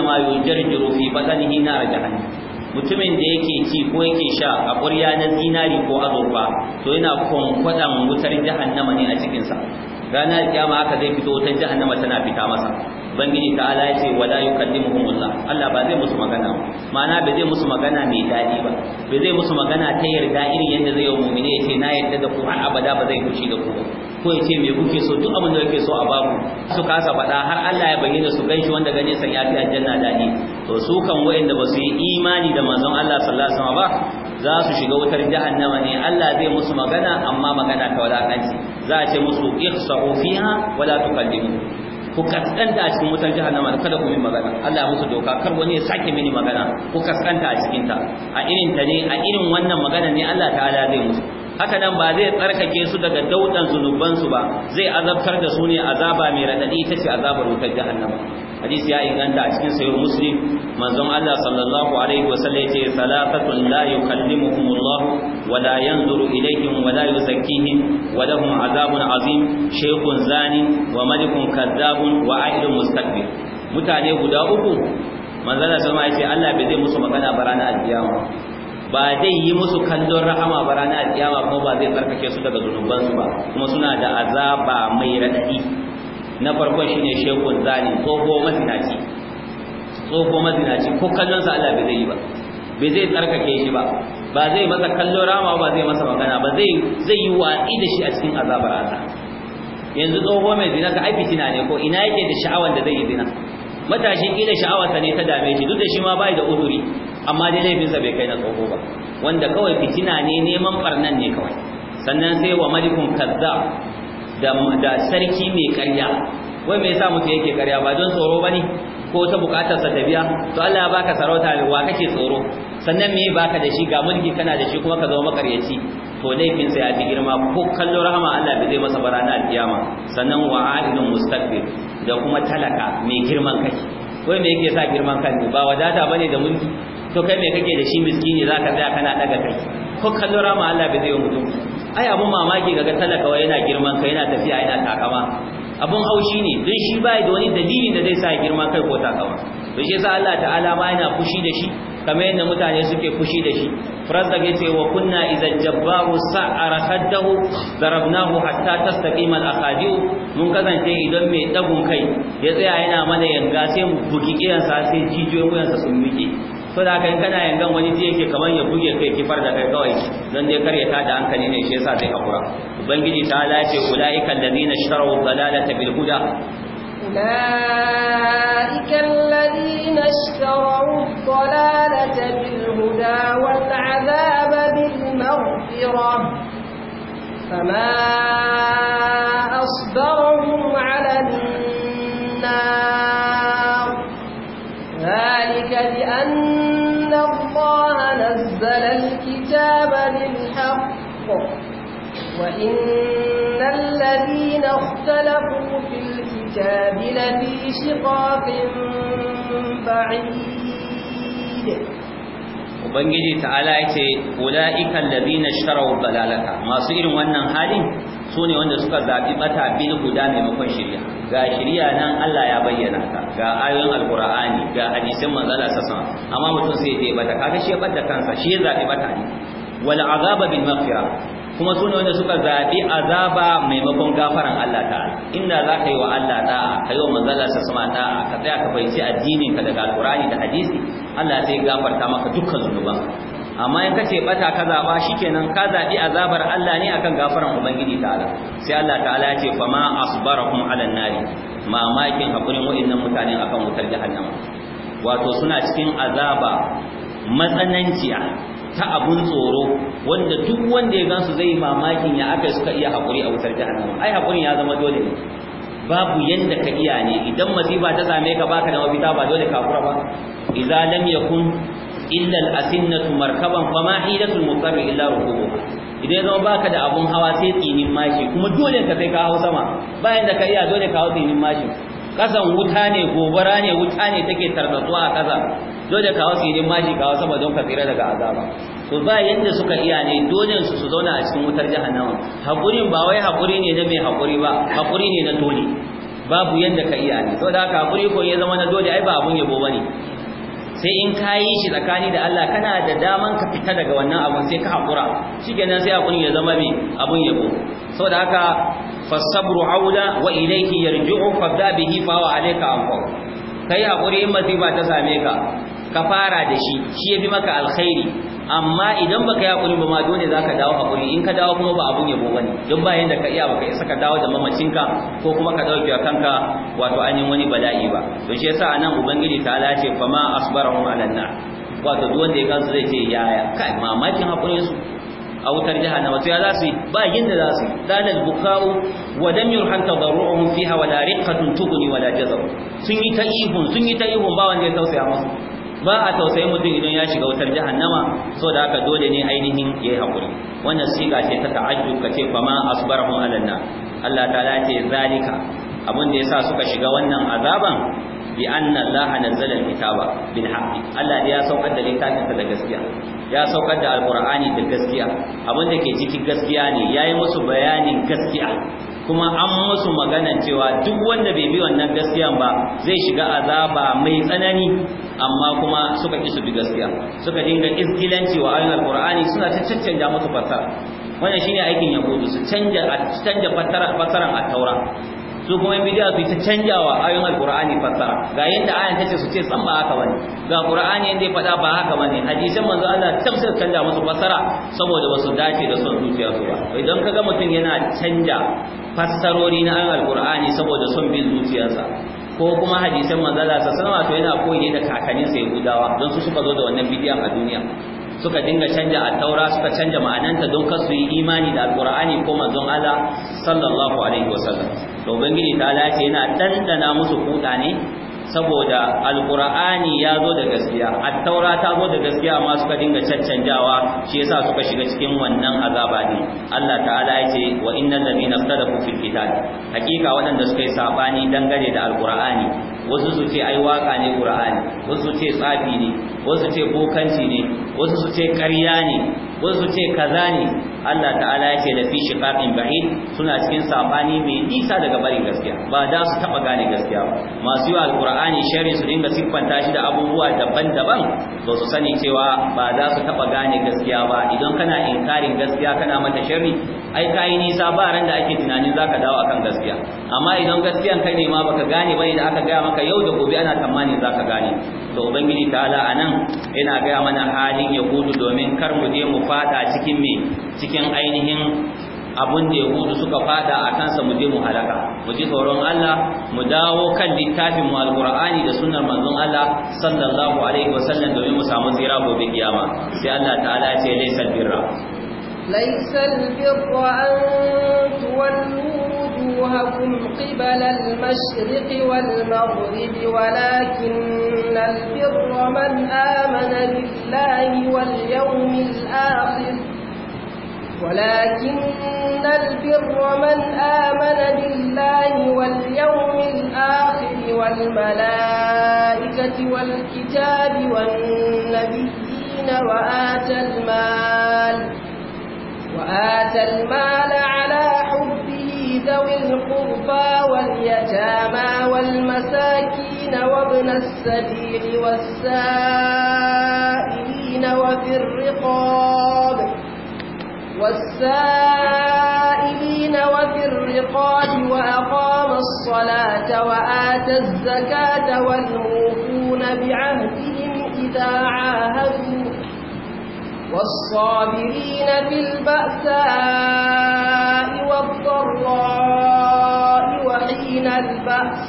S2: ma yujarjiru fi badanihi nar jahannam mutumin da yake ci ko yake sha a ƙurya na zinari ko azurfa to yana kwankwadan wutar jahannama ne a cikinsa. ranar kiyama haka zai fito wutar jahannama tana fita masa ubangiji ta ala yace wala yukallimuhumullah Allah ba zai musu magana ma'ana ba zai musu magana mai dadi ba ba zai musu magana ta yarda irin yadda zai yi mu'mini yace na yarda da ku har abada ba zai fushi da ku ba ko yace me kuke so duk abin da kake so a babu su kasa faɗa har Allah ya bayyana su ganshi wanda gane san ya fi aljanna dadi to su kan wayanda ba su yi imani da manzon Allah sallallahu alaihi wasallam ba za su shiga wutar jahannama ne Allah zai musu magana amma magana ta wadakanci za a ce musu ihsahu fiha wala tukallimu ku kaskanta a cikin wutar jahannama kada ku min magana Allah ya musu doka kar wani ya sake mini magana ku kaskanta a cikin ta a irin ta ne a irin wannan magana ne Allah ta'ala zai musu haka nan ba zai tsarkake su daga daudan zunubansu ba zai azabtar da su ne azaba mai radadi ita ce azabar wutar jahannama hadisi ya inganta a cikin sayyid musulun, manzon Allah sallallahu alaihi wasallam yace salatatun la yukallimuhumullah wa la yanzuru ilayhim wa la yuzakkihim wa lahum azabun azim shekun zani wa malikun kadzabun wa a'idun mustakbir mutane guda uku manzon Allah sallallahu alaihi Allah bai zai musu magana bara na alkiyama ba zai yi musu kallon rahama bara na alkiyama kuma ba zai tsarkake su daga zunubansu ba kuma suna da azaba mai radadi na farkon shine shekun zani tsoho mazinaci tsoho mazinaci ko kallon sa Allah bai zai ba bai zai tsarkake shi ba ba zai masa kallo rama ba zai masa magana ba zai zai yi watsi da shi a cikin azabar Allah yanzu tsoho mai zina ka aiki tina ne ko ina yake da sha'awar da zai yi zina matashi kila sha'awarsa ne ta dame shi duk da shi ma bai da uzuri amma dai laifinsa bai kai na tsoho ba wanda kawai fitina ne neman barnan ne kawai sannan sai wa malikun kazzab da sarki mai karya wai me yasa mutu yake karya ba don tsoro bane ko ta bukatar sa tabiya to Allah ya baka sarauta wa kake tsoro sannan me baka da shi ga mulki kana da shi kuma ka zama makaryaci to laifin sa ya fi girma ko kallo rahama Allah bai zai masa barana alkiyama sannan wa aidun mustaqbil da kuma talaka mai girman kai wai me yake sa girman kai ba wadata bane da mulki to kai me kake da shi miskini zaka tsaya kana daga kai ko kallo rahama Allah bai zai yi mutum ai abun mamaki ga talaka wai yana girman kai yana tafiya yana takama abun haushi ne don shi bai da wani dalili da zai sa girma kai ko takama to shi yasa Allah ta'ala ma yana fushi da shi kamar yadda mutane suke fushi da shi da yace wa kunna idza jabbaru sa'ara khaddahu darabnahu hatta tastaqima al-aqadiu mun kazance idan mai dagun kai ya tsaya yana mana yanga sai mu bugi kiyansa sai jijiyoyin wuyansa sun miƙe so da haka in kana yangan wani ji yake kaman ya buge kai kifar da kai kawai don dai karyata da hankali ne shi yasa zai hakura ubangiji ta lace ulaika alladhina ishtaraw dalalata bil huda
S1: أولئك الذين اشتروا الضلالة بالهدى والعذاب بالمغفرة فما أصبرهم نزل الكتاب بالحق وإن الذين اختلفوا في الكتاب لفي شقاق بعيد
S2: Ubangiji ta'ala ya ce, Ula'ika labina sharau balalaka, masu irin wannan halin su ne wanda suka zaɓi mata bil guda maimakon shirya ga shirya nan Allah ya bayyana ta ga ayoyin alkur'ani ga hadisin manzala sasa amma mutum sai je bata kaga shi ya bata kansa shi ya zaɓi bata ne wal azaba bil maghfira kuma su ne wanda suka zaɓi azaba maimakon gafaran Allah ta'ala inda za ka yi wa Allah da'a ka yi wa manzala ta, da'a ka tsaya ka fahimci addinin ka daga alkur'ani da hadisi Allah sai gafarta maka dukkan zunuban. amma in kace bata ka zaba shikenan ka zabi azabar Allah ne akan gafaran ubangiji ta'ala sai Allah ta'ala ya ce fa ma asbarakum ala nari mamakin hakurin wa'annan mutane akan wutar jahannama wato suna cikin azaba matsananciya ta abun tsoro wanda duk wanda ya gansu zai mamakin ya aka suka iya hakuri a wutar jahannama ai hakurin ya zama dole ne babu yanda ka iya ne idan masifa ta same ka baka da mafita ba dole ka kura ba idan lam yakun illa al-asinnatu markaban fa ma hilatul mutarri illa rukubuha idan zama baka da abun hawa sai tsinin mashi kuma dole ka sai ka hau sama bayan da ka iya dole ka hawo tsinin mashi kasan wuta ne gobara ne wuta ne take tarnatsuwa a kasa dole ka hau tsinin mashi ka hawo sama don ka tsira daga azaba to ba yadda suka iya ne dole su su zauna a cikin wutar jahannama hakurin ba wai hakuri ne na mai hakuri ba hakuri ne na dole babu yadda ka iya ne saboda haka hakuri ko ya zama na dole ai ba abun yabo bane sai in ka yi shi tsakani da Allah kana da daman ka fita daga wannan abun sai ka haƙura shi kenan sai abun ya zama mai abun yabo saboda haka fasabru aula wa ilayhi yarji'u fabda bihi fa wa alayka anfa kai haƙuri in masifa ta same ka ka fara da shi shi ya bi maka alkhairi amma idan baka yi hakuri ba ma dole zaka dawo hakuri in ka dawo kuma ba abun yabo bane don ba yanda ka iya baka isa ka dawo da mamacinka ko kuma ka dauke kanka wato an yi wani bala'i ba to shi yasa anan ubangiji ta ce fama asbarahum ala nar wato duk wanda ya gansu zai ce yaya kai mamakin hakurin su a wutar jahannama wato ya za su yi ba yinda za su yi dalal buka'u wa dam yurhan tadarruhum fiha wala riqatun tughni wala jazab sun yi ta ihun sun yi ta ihun ba wanda ya tausaya musu ba a tausayi mutum idan ya shiga wutar jahannama so da haka dole ne ainihin ya yi hakuri wannan siga ce ta ta'ajjub ka ce ma asbarahu ala nar Allah ta'ala ce zalika abin da yasa suka shiga wannan azaban bi anna Allah nazzala al-kitaba bil haqqi Allah ya saukar da littafin da gaskiya ya saukar da alqur'ani da gaskiya abin da ke cikin gaskiya ne yayi musu bayanin gaskiya kuma an musu magana cewa duk wanda bai bi wannan gaskiya ba zai shiga azaba mai tsanani amma kuma suka ki su bi gaskiya suka dinga izgilanci wa ayoyin qurani suna ta canja musu fasara wannan shine aikin yahudu su canja canja fasara fasaran at su kuma bidiya su ta canjawa ayoyin alqur'ani fassara ga yanda ayan tace su ce san ba haka bane ga qur'ani yanda ya faɗa ba haka bane hadisin manzo Allah tafsir canja musu fassara saboda su dace da son zuciya su ba idan ga mutum yana canja fassarori na ayoyin alqur'ani saboda son bin zuciyarsa ko kuma hadisan manzala sa sanama to yana koyi da kakannin sa gudawa don su suka zo da wannan bidiyan a duniya suka dinga canja at-taura suka canja ma'ananta don kasu su yi imani da alqur'ani ko manzon Allah sallallahu alaihi wasallam to ubangiji ta ce yana dandana musu kuda ne saboda alqur'ani ya zo da gaskiya at-taura ta zo da gaskiya amma suka dinga caccanjawa shi yasa suka shiga cikin wannan azaba din Allah ta'ala ya ce wa innal ladina ikhtalafu fil kitab hakika waɗanda suka yi sabani dangane da alqur'ani wasu su ce ai waka ne qur'ani wasu su ce tsafi ne wasu su ce bokanci ne wasu su ce ƙarya ne su ce kaza ne Allah ta'ala ya ce da fi shiqaqin ba'id suna cikin sabani mai nisa daga barin gaskiya ba da su taba gane gaskiya ba masu yi alqur'ani sharri su dinga siffanta shi da abubuwa daban-daban ba su sani cewa ba za su taba gane gaskiya ba idan kana inkarin gaskiya kana mata sharri ai kai nisa ba ran da ake tunanin zaka dawo akan gaskiya amma idan gaskiyan kai ne ma baka gane bane da aka gaya maka yau da gobe ana tsammanin zaka gane to ubangiji ta'ala anan yana gaya mana halin yahudu domin kar mu je mu fada cikin me cikin ainihin abun da ya yahudu suka fada a kansa mu je mu halaka mu ji tsoron Allah mu dawo kan littafin mu alqur'ani da sunnar manzon Allah sallallahu alaihi wasallam domin mu samu tsira gobe kiyama sai Allah ta'ala ya ce laysal birra
S1: laysal birra an tuwallu وجوهكم قبل المشرق والمغرب ولكن البر من آمن بالله واليوم الآخر ولكن البر من آمن بالله واليوم الآخر والملائكة والكتاب والنبيين وآتى المال وآتى المال على حب ذوي القربى واليتامى والمساكين وابن السبيل والسائلين وفي الرقاب والسائلين وفي الرقاب وأقام الصلاة وآتى الزكاة والموفون بعهدهم إذا عاهدوا والصابرين في البأساء والضراء وحين البأس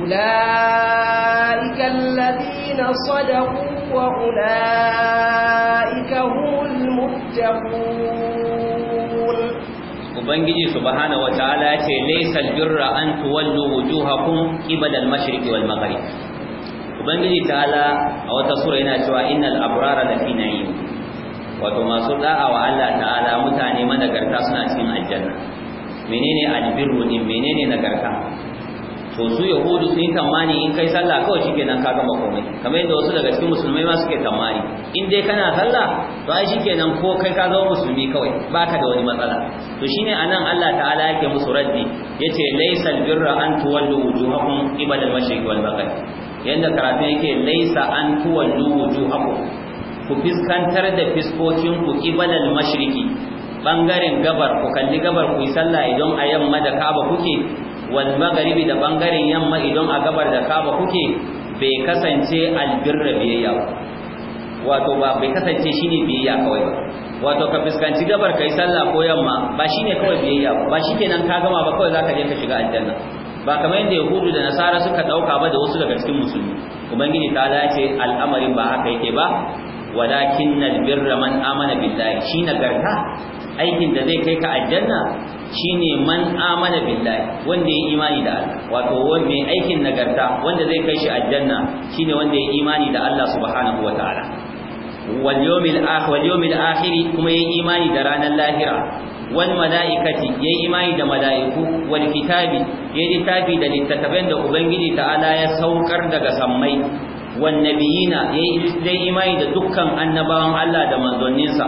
S1: أولئك الذين صدقوا وأولئك هم المتقون
S2: Ubangiji subhanahu wataala yace laysal birra an tuwallu wujuhakum qibala al wal maghrib ubangiji ta'ala a wata sura yana cewa innal abrara lafi na'im wato masu da'a wa Allah ta'ala mutane managarta suna cikin aljanna menene albirru din menene nagarta to su yahudu sun yi tamani in kai sallah kawai shikenan ka gama komai kamar yadda wasu daga cikin musulmai ma suke tamani in dai kana sallah to ai shikenan ko kai ka zama musulmi kawai baka da wani matsala to shine anan Allah ta'ala yake musu raddi yace laysal birra an tuwallu wujuhakum qibala al-mashriq wal maghrib yanda karatu yake laisa an tuwallu wujuhakum ku fiskantar da fiskokin ku qibalal mashiriki bangaren gabar ku kalli gabar ku yi sallah idan a yamma da kaba kuke wal magharibi da bangaren yamma idan a gabar da kaba kuke bai kasance albirra biyayya wato ba bai kasance shine biyayya kawai ba wato ka fiskanci gabar kai sallah ko yamma ba shine kawai biyayya ba shikenan ka gama ba kawai zaka je ka shiga aljanna ba kamar yadda yahudu da nasara suka dauka ba da wasu daga cikin musulmi ubangiji ta lace al'amarin ba haka yake ba walakin nal birra man amana billahi shi nagarta aikin da zai kai ka aljanna shine man amana billahi wanda ya imani da Allah wato wanda aikin nagarta wanda zai kai shi aljanna shine wanda ya imani da Allah subhanahu wataala wal yawmil akhir wal yawmil akhir kuma yayi imani da ranar lahira Wani malaikati yayi imani da malaiku wal kitabi yayi littafi da littattafan da ubangiji ta'ala ya saukar daga sammai wan nabiyina dai imani da dukkan annabawan Allah da manzonninsa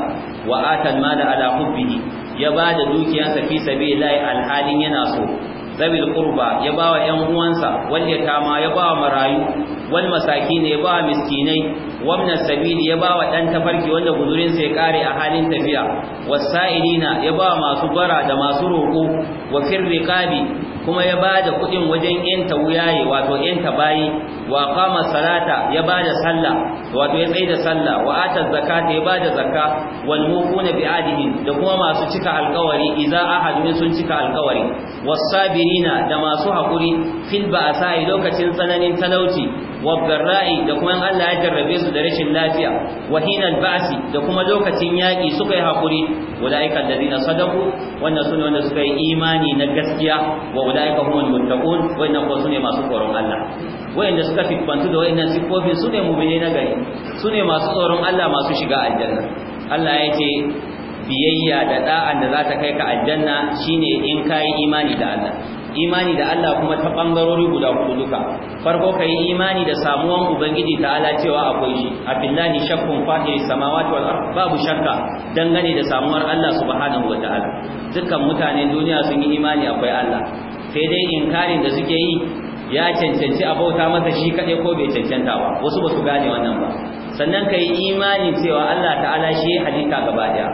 S2: wa atan mala ala hubbihi ya bada dukiyarsa fi sabilillah alhalin yana so zawil qurba ya bawa yan uwansa wal yatama ya bawa marayu wal masakin ya bawa miskinai wamna sabili ya bawa dan tafarki wanda guzurin ya kare a halin tafiya wasailina ya bawa masu bara da masu roko wa firriqabi kuma ya bada kudin wajen yanta wuyaye wato yanta bayi wa qama salata ya bada sallah wato ya tsaida sallah wa ata zakata ya bada zakka wal na bi da kuma masu cika alƙawari idza ahadun sun cika alkawari was sabirina da masu hakuri fil ba'sa lokacin tsananin talauci wabgarra'i da kuma Allah ya jarrabe su da rashin lafiya wa hinal ba'si da kuma lokacin yaki suka yi hakuri ulaika alladhina sadaqu wannan sune wanda suka yi imani na gaskiya wa ulaika humul muttaqun wannan ko sune masu tsoron Allah wayanda suka fi kwantu da wayannan sifofin sune mu'mini na gari sune masu tsoron Allah masu shiga aljanna Allah ya ce biyayya da da'an da za ta kai ka aljanna shine in kai imani da Allah imani da Allah kuma ta bangarori guda hudu duka farko kai imani da samuwan ubangiji ta'ala cewa akwai shi A billahi shakkun fatir samawati wal ard babu shakka dangane da samuwar Allah subhanahu wa ta'ala dukkan mutanen duniya sun yi imani akwai Allah sai dai inkarin da suke yi ya cancanci a bauta masa shi kadai ko bai cancanta ba wasu ba su gane wannan ba sannan kai imani cewa Allah ta'ala shi halitta gaba daya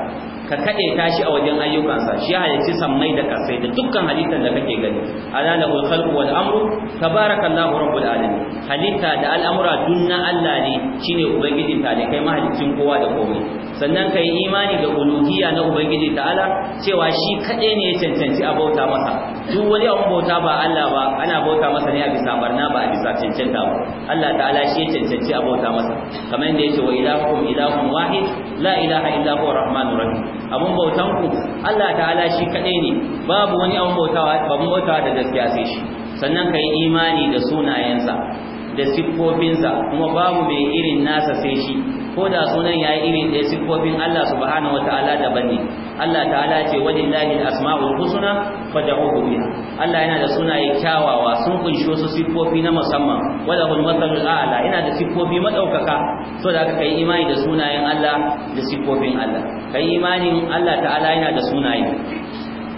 S2: ka kade tashi a wajen ayyukansa shi ya halicci sammai da kasai da dukkan halittar da kake gani ala lahu al-khalqu wal amru tabarakallahu rabbul alamin halitta da al'amura dunna Allah ne shine ubangiji ta da kai mahalicin kowa da komai sannan kai imani da uluhiyya na ubangiji ta'ala cewa shi kade ne ya cancanci a bauta masa duk wani abun bauta ba Allah ba ana bauta masa ne a bisa barna ba a bisa cancanta ba Allah ta'ala shi ya cancanci a bauta masa kamar yadda yake wa ilahukum ilahun wahid la ilaha illa huwa rahmanur rahim abun bautan ku Allah ta'ala shi kadai ne babu wani abun bautawa babu bautawa da gaskiya sai shi sannan kai imani da sunayensa da siffofinsa kuma babu mai irin nasa sai shi ko da sunan ya yi iri ɗaya siffofin Allah subhanahu wataala daban ne Allah ta'ala ce walillahi al-asma'ul husna fad'uhu biha Allah yana da sunaye kyawawa sun kunshi su siffofi na musamman wala hul masalul a'la yana da siffofi madaukaka so da kai imani da sunayen Allah da siffofin Allah kai imanin Allah ta'ala yana da sunaye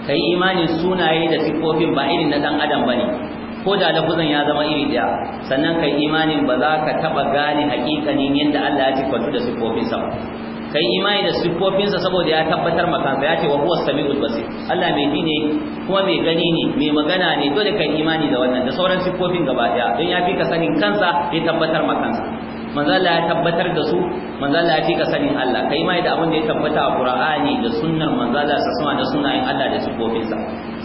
S2: kai imanin sunaye da siffofin ba irin na dan adam bane ko da lafuzan ya zama iri daya sannan kai imanin ba za ka taba gane hakikanin yadda Allah ya tikwatu da sifofinsa ba kai imani da sifofinsa saboda ya tabbatar maka ya ce wa huwa samiul basir Allah mai ji ne kuma mai gani ne mai magana ne dole kai imani da wannan da sauran sifofin gaba daya don ya fi ka sanin kansa ya tabbatar maka kansa manzo Allah ya tabbatar da su manzo Allah ya fika sanin Allah kai mai da abin da ya tabbata a Qur'ani da sunnar manzo Allah sa sama da sunayen Allah da sifofinsa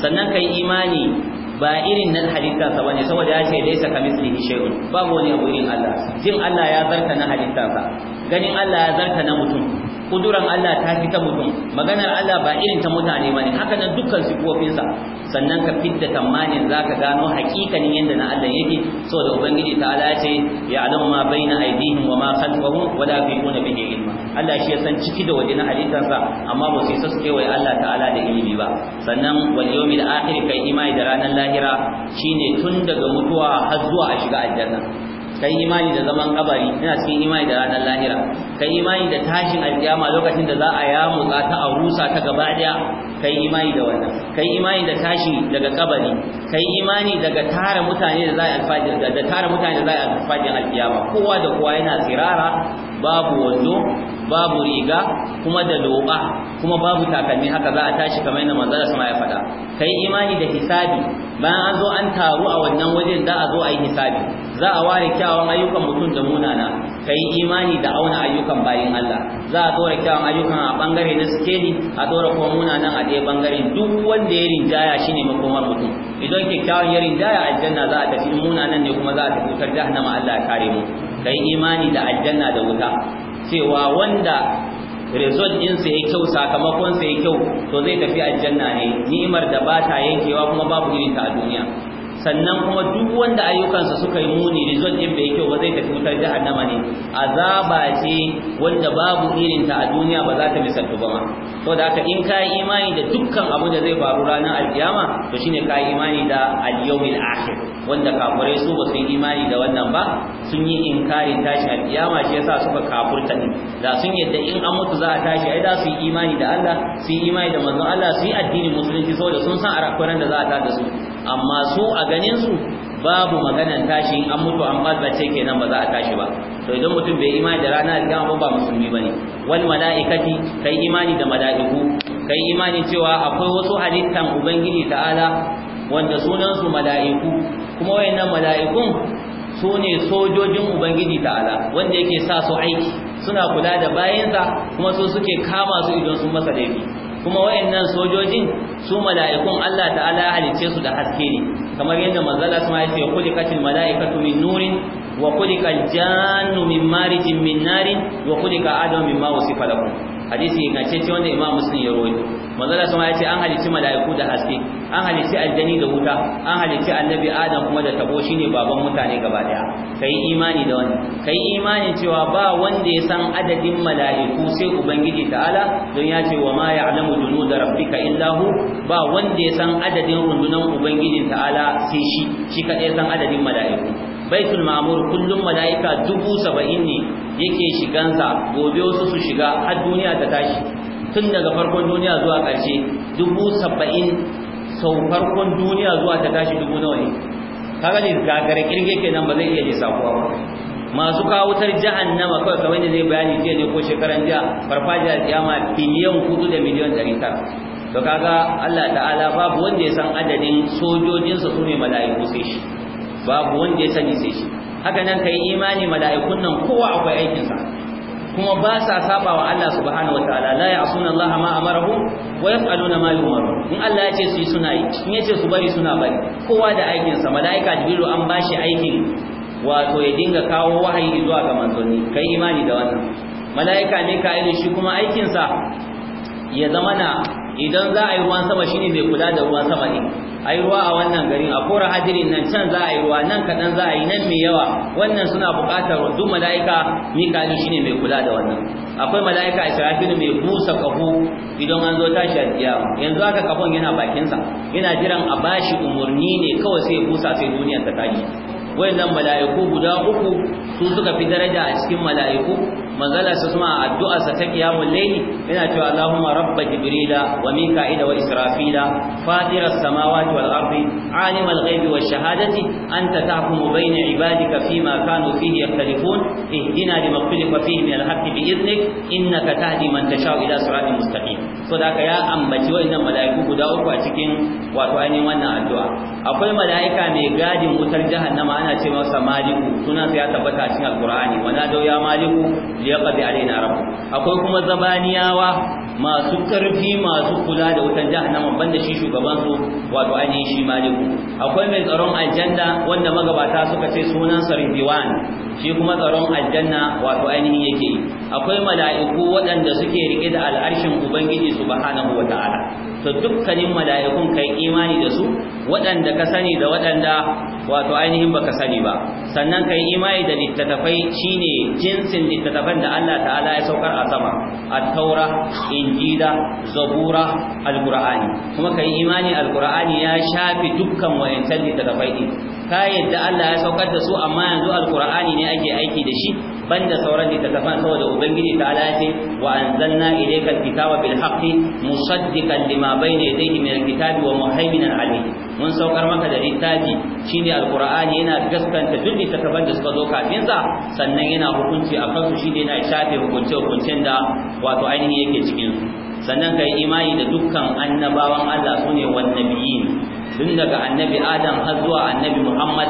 S2: sannan kai imani ba irin nan halitta sa bane saboda ya ce laisa kamislihi shay'un ba wani abu irin Allah jin Allah ya zarta na halitta sa ganin Allah ya zarta na mutum kuduran Allah ta fi ta mutum maganar Allah ba irin ta mutane bane haka nan dukkan sifofin sa sannan ka fidda tamanin zaka gano hakikanin yanda na Allah yake saboda ubangiji ta Allah ya ce ya'lamu ma baina aydihim wa ma khalfahum wa la yuqina bihi Allah shi ya san ciki da waje na halittarsa amma ba su yi sassuke kewaye Allah ta'ala da ilimi ba sannan wal yawmil akhir kai imani da ranar lahira shine tun daga mutuwa har zuwa a shiga aljanna kai imani da zaman kabari ina cikin imani da ranar lahira kai imani da tashin alkiyama lokacin da za a yamu za ta a rusa ta gaba daya kai imani da wannan kai imani da tashi daga kabari kai imani daga tara mutane da za a alfajir da tara mutane da za a alfajir alkiyama kowa da kowa yana tsirara babu wando babu riga kuma da loba kuma babu takalmi haka za a tashi kamar yadda manzon sama ya faɗa kai imani da hisabi bayan an zo an taru a wannan wajen za a zo a yi hisabi za a ware kyawun ayyukan mutum da munana kai imani da auna ayyukan bayin Allah za a dora kyawun ayyukan a bangare na sikeli a dora kuma munanan a ɗaya bangaren duk wanda ya rinjaya shine makomar mutum idan kyakkyawan ya rinjaya aljanna za a tafi munanan ne kuma za a tafi wutar jahannama Allah ya kare mu kai imani da aljanna da wuta cewa wanda result sa ya kyau sakamakonsa ya kyau to zai tafi aljanna ne ni'imar da ba ta yankewa kuma babu irin ta a duniya sannan kuma duk wanda ayyukansa suka yi muni result din bai kyau ba zai tafi wutar jahannama ne azaba ce wanda babu irin ta a duniya ba za ta misaltu ba ma to da haka in yi imani da dukkan abin da zai faru ranar alkiyama to shine yi imani da al-yawmil akhir wanda kafirai su ba su yi imani da wannan ba sun yi inkarin tashi alkiyama shi yasa suka kafurta ne da sun yadda in an mutu za a tashi ai da su yi imani da Allah su yi imani da manzon Allah su yi addinin musulunci saboda sun san a da za a tada su amma su a ganin su babu maganan tashi an mutu an bazzace kenan ba za a tashi ba to idan mutum bai imani da rana da alkiyama ba musulmi bane wal malaikati kai imani da malaiku kai imani cewa akwai wasu halittan ubangiji ta'ala wanda sunansu su malaiku kuma wayannan malaikun su ne sojojin ubangiji ta'ala wanda yake sa su aiki suna kula da bayansa kuma su suke kama su idan sun masa laifi kuma wayannan sojojin su mala'ikun Allah ta'ala ya halice su da haske ne kamar yadda manzala sama yace khuliqatil mala'ikatu min nurin wa khuliqal jannu min marijin min narin wa khuliqa adamu mimma wasifa lakum hadisi ne kace wanda imam muslim ya rawaito manzala sama ya ce an halitti mala'iku da haske an halitti aljani da wuta an halitti annabi adam kuma da tabo shine baban mutane gaba daya kai imani da wannan kai imanin cewa ba wanda ya san adadin mala'iku sai ubangiji ta'ala don ya ce wa ma ya'lamu junuda rabbika illa hu ba wanda ya san adadin rundunan ubangijin ta'ala sai shi shi kadai san adadin mala'iku baitul ma'mur kullum malaika dubu saba'in ne yake shigansa gobe wasu su shiga har duniya ta tashi tun daga farkon duniya zuwa ƙarshe dubu saba'in sau farkon duniya zuwa ta tashi dubu nawa ne kaga ne gagara kirge kenan ba zai iya lissafuwa ba masu kawo wutar jahannama kawai kamar da zai bayani jiya ne ko shekaran jiya farfajiyar tsiyama biliyan kudu da miliyan ɗari tar to kaga Allah ta'ala babu wanda ya san adadin sojojinsa su ne mala'iku sai shi babu wanda ya sani sai shi haka nan kai imani mala'ikun nan kowa akwai aikinsa kuma ba sa saba wa Allah subhanahu wataala la ya'suna Allah ma amarahu wa yaf'aluna ma yu'maru in Allah ya ce su suna yi in ya ce su bari suna bari kowa da aikin sa malaika jibril an ba shi aikin wato ya dinga kawo wahayi zuwa ga manzoni kai imani da wannan malaika ne ka irin shi kuma aikin sa ya zama na idan za a yi ruwan sama shine mai kula da ruwan sama din a yi ruwa a wannan garin a kora hadirin nan can za a yi ruwa nan kaɗan za a yi nan mai yawa wannan suna buƙatar duk mala'ika mikali shine mai kula da wannan akwai mala'ika israfil mai busa kafu idan an zo tashi ajiya yanzu haka kafon yana bakinsa yana jiran a bashi umarni ne kawai sai busa sai duniyar ta tashi wayannan mala'iku guda uku su suka fi daraja a cikin mala'iku manzala sa suma addu'a sa ta qiyamul layli yana cewa Allahumma rabb jibrila wa mika'ila wa israfila fatira samawati wal ardi alim al ghaibi wash shahadati anta tahkumu bayna ibadika fima kanu fihi yakhtalifun ihdina lima ikhtalafa fihi min al haqqi bi idnik innaka tahdi man tasha'u ila siratin mustaqim so da ya ambaci wannan mala'iku guda uku a cikin wato ainihin wannan addu'a akwai mala'ika mai gadin wutar jahannama ana ce masa maliku sunan sa ya tabbata a cikin alqur'ani wa nadau ya maliku liyaqdi alaina rabbuk akwai kuma zabaniyawa masu karfi masu kula da wutan jahannama banda shi shugaban su wato ainihi shi maliku akwai mai tsaron aljanna wanda magabata suka ce sunan sarfiwan shi kuma tsaron aljanna wato ainihin yake akwai mala'iku waɗanda suke rike da al'arshin ubangiji subhanahu wata'ala to dukkanin mala'ikun kai imani da su waɗanda ka sani da waɗanda wato ainihin baka sani ba sannan kai imani da littattafai shine jinsin littattafan da Allah ta'ala ya saukar a sama at-taura injila zabura alqur'ani kuma kai imani alqur'ani ya shafi dukkan wayantar littattafai din ka yadda Allah ya saukar da su amma yanzu alqur'ani ne ake aiki da shi banda sauran littattafan saboda ubangiji ta'ala ya ce wa anzalna ilayka al-kitaba bil haqqi musaddiqan lima bayna yadayhi min al-kitabi wa muhaiminan alayhi mun saukar maka da littafi shine alqur'ani yana gaskanta duk littattafan da suka zo kafin sa sannan yana hukunci a kansu shine yana shafe hukunce hukuncen da wato ainihin yake cikin su sannan kai imani da dukkan annabawan Allah sune wannabiyin tun daga annabi adam har zuwa annabi muhammad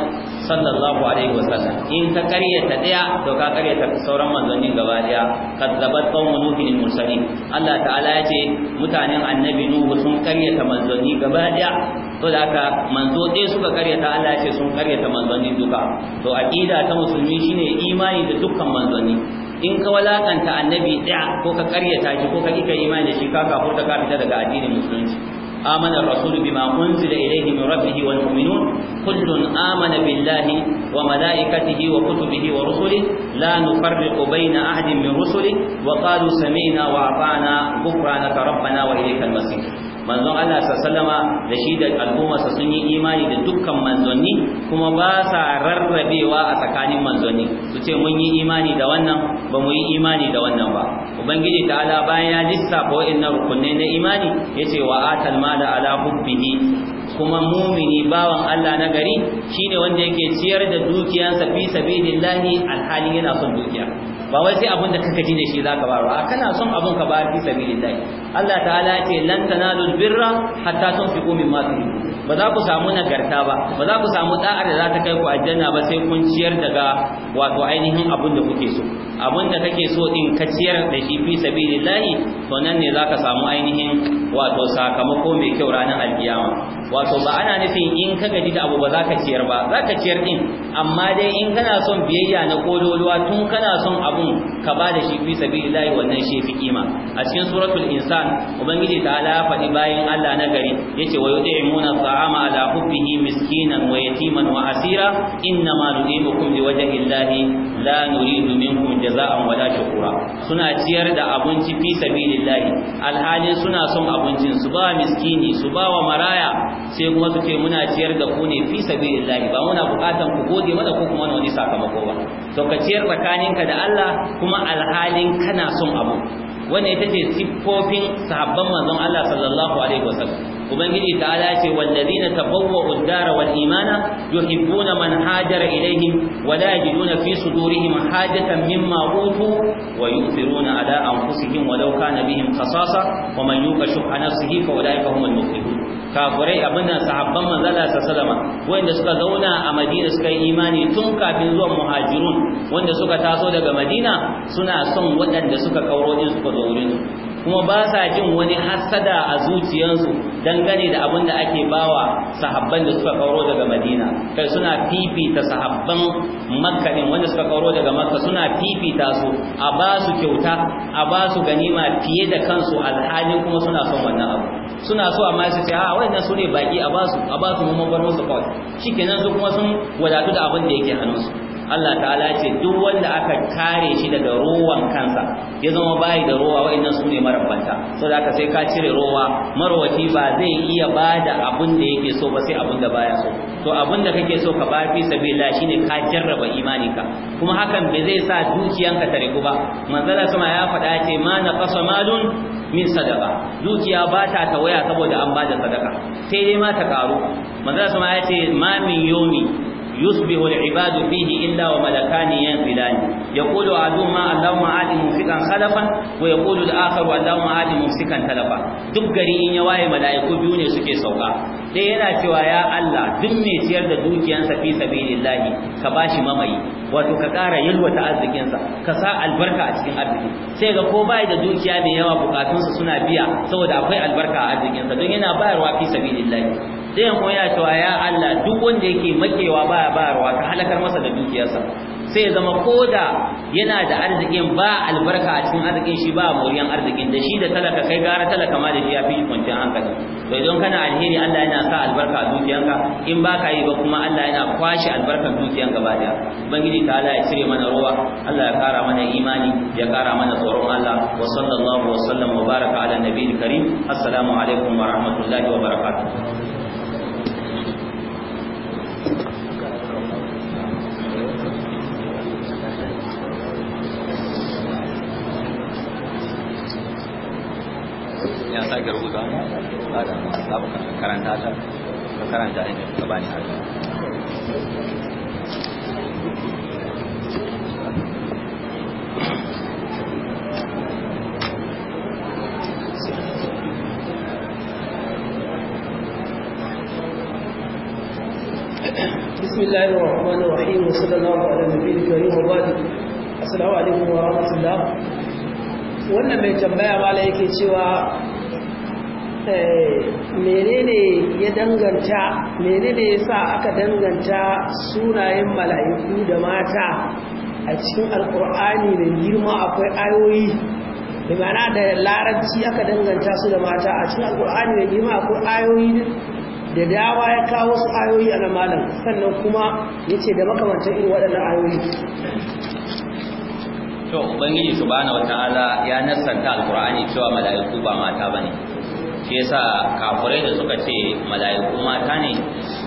S2: sallallahu alaihi wasallam in ka karyata daya to ka karyata sauran manzannin gaba daya kazzabat qaumun nuhin mursalin Allah ta'ala ya ce mutanen annabi nuhu sun karyata manzanni gaba daya to da haka manzo ɗaya suka karyata Allah ya ce sun karyata manzanni duka to aqida ta musulmi shine imani da dukkan manzanni in ka walakanta annabi daya ko ka karyata shi ko ka kika imani da shi ka kafurta ka fita daga addinin musulunci آمن الرسول بما أنزل إليه من ربه والمؤمنون كل آمن بالله وملائكته وكتبه ورسله لا نفرق بين أحد من رسله وقالوا سمعنا وأطعنا غفرانك ربنا وإليك المصير manzon Allah sallama da shi da sa sun yi imani da dukkan manzonni kuma ba sa rarrabewa a tsakanin manzonni su ce mun yi imani da wannan ba mu yi imani da wannan ba ubangiji ta'ala bayan ya lissafa wa'annan rukunne na imani yace wa atal mala ala hubbihi kuma mumini bawan Allah na gari shine wanda yake ciyar da dukiyansa fi sabilillahi alhali yana son dukiya ba wai sai abin da kaka ji ne shi zaka ba a kana son abin ka ba fi sabilillahi Allah ta'ala ya ce lan tanalul birra hatta tunfiqu mimma tuhibbun ba za ku samu nagarta ba ba za ku samu da'ar da za ta kai ku aljanna ba sai kun ciyar daga wato ainihin abin da kuke so abin da kake so din ka ciyar da shi fi sabilillahi to nan ne ka samu ainihin wato sakamako mai kyau ranar alkiyama wato ba ana nufin in ka gaji da abu ba za ka ciyar ba za ka ciyar din amma dai in kana son biyayya na kololuwa tun kana son abun ka ba da shi fi sabilillahi wannan shi fi kima a cikin suratul insan ubangiji ta ala faɗi bayan Allah na gari yace wa yu'imuna الطعام على حبه مسكينا ويتيما وأسيرا إنما نطعمكم لوجه الله لا نريد منكم جزاء ولا شكورا سنا تيار دا أبنتي في سبيل الله الحال سنا سم أبنتي سبا مسكيني سبا ومرايا سيكما سكي منا تيار دا كوني في سبيل الله باونا بقاتا كبودي ولا كوكما نوني ساكا مقوبا تو كتير بكانينك دا الله كما الحال كنا سم أبو wannan ita ce siffofin sahabban manzon Allah sallallahu alaihi wasallam ubangiji ta'ala ce wallazina tabawwa'u ad-dara wal imana yuhibbuna man hajara ilaihim wa la yajiduna fi sudurihim hajatan mimma utu wa yu'thiruna ala anfusihim walau kana bihim khasasa wa man yuqa shuhha nafsihi fa ulaika humul muflihun kafirai abin nan sahabban manzala sallama wanda suka zauna a Madina suka yi imani tun kafin zuwan muhajirun wanda suka taso daga Madina suna son waɗanda suka kauro din suka zo wurin kuma ba sa jin wani hasada a zuciyarsu dangane da abin da ake bawa sahabban da suka kawo daga Madina kai suna fifita sahabban makkanin wanda suka kawo daga Makka suna fifita su a ba su kyauta a ba su ganima fiye da kansu alhalin kuma suna son wannan abu suna so amma su ce a ah, wannan su ne baki a ba su a ba su mu bar musu kawai shikenan su kuma sun wadatu da abin da yake hannunsu Allah ta'ala ce duk wanda aka kare shi daga ruwan kansa ya zama bayi da ruwa wa'annan su ne marabbanta, so da aka sai ka cire rowa marwaci ba zai iya bada abun da yake so ba sai abun da baya so to abun da kake so ka ba fi shi shine ka jarraba imaninka kuma hakan bai zai sa dukiyanka ta riku ba manzala sama ya faɗa ce ma na kasa malun min sadaka dukiya ba ta tawaya saboda an bada sadaka sai dai ma ta karu manzala sama ya ce ma min yomi يصبح العباد فيه إلا وملكان ينزلان يقول أحدهما اللهم آت ممسكا خلفا ويقول الآخر اللهم آت ممسكا تلفا duk gari in ya waye mala'iku biyu ne suke sauka dai yana cewa ya Allah duk mai siyar da dukiyansa fi sabilillahi ka bashi wato ka ƙara yalwata arzikinsa ka sa albarka a cikin arziki sai ga ko bai da dukiya mai yawa bukatunsa suna biya saboda akwai albarka a arzikinsa don yana bayarwa fi sabilillahi sai yanko ya cewa ya Allah duk wanda yake makewa ba bayarwa ka halakar masa da dukiyarsa sai ya zama koda yana da arzikin ba albarka a cikin arzikin shi ba moriyan arzikin da shi da talaka kai gara talaka ma da shi yafi kwanciyar hankali to idan kana alheri Allah yana sa albarka a dukiyarka in ba ka yi ba kuma Allah yana kwashe albarkar dukiyar gaba daya ubangiji ta Allah ya cire mana ruwa Allah ya kara mana imani ya kara mana tsoron Allah wa sallallahu wa sallam wa baraka ala nabiyil karim assalamu alaikum wa rahmatullahi wa barakatuh bukata babu karanta ta ka karanta ka bani
S3: بسم الله الرحمن الرحيم وصلى الله على النبي الكريم وبعد السلام عليكم ورحمه الله mai tambaya mala yake cewa menene ya danganta menene ya sa aka danganta sunayen mala'iku da mata a cikin alkur'ani mai girma akwai ayoyi da mana da larabci aka danganta su da mata a cikin alkur'ani mai girma akwai ayoyi da dawa ya kawo su ayoyi a malam sannan kuma ya ce da makamantar irin waɗannan ayoyi
S2: to ubangiji subhanahu wataala ya nassanta alkur'ani cewa mala'iku ba mata bane shi yasa kafirai da suka ce mala'iku mata ne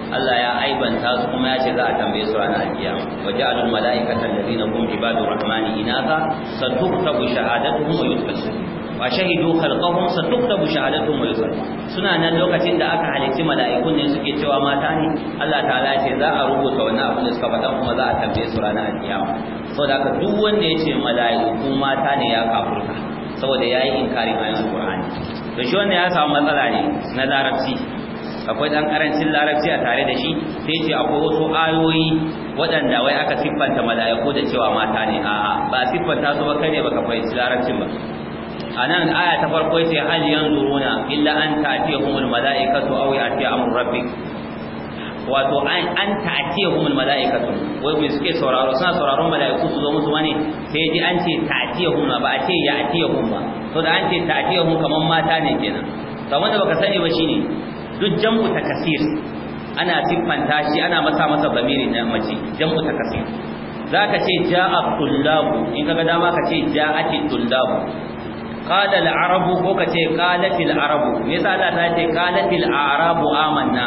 S2: Allah ya aibanta su kuma ya ce za a tambaye su ranar kiyama wa ja'alul mala'ikata allazina hum ibadur rahmani inaka satuktabu shahadatuhum wa yusallu wa shahidu khalqahum satuktabu shahadatuhum wa yusallu suna nan lokacin da aka halicci mala'ikun ne suke cewa mata ne Allah ta'ala ce za a rubuta wannan abin da suka faɗa kuma za a tambaye su ranar kiyama saboda haka duk wanda ya ce mala'iku mata ne ya kafurta saboda yayi inkari bayan Qur'ani to shi wanda ya samu matsala ne na larabci akwai dan karancin larabci a tare da shi sai ce akwai wasu ayoyi waɗanda wai aka siffanta mala'iku da cewa mata ne a'a ba siffanta su ba kai ne baka fahimci larabcin ba anan aya ta farko ce hal yanzuruna illa an ta'tiyahumul mala'ikatu aw ya'ti amru rabbik wato an an ta'tiyahumul mala'ikatu wai me suke sauraro suna sauraron mala'iku su zo musu wani sai ji an ce ta'tihum ba a ce ya'tihum ba to da an ce ta'tiyahum kaman mata ne kenan to wanda baka sani ba shine duk jam'u takasir ana siffanta shi ana masa masa bamiri na mace jam'u takasir zaka ce ja'a tullabu in kaga dama ka ce ja'ati tullabu qala al-arabu ko ka ce qalatil arabu me yasa Allah ta ce qalatil arabu amanna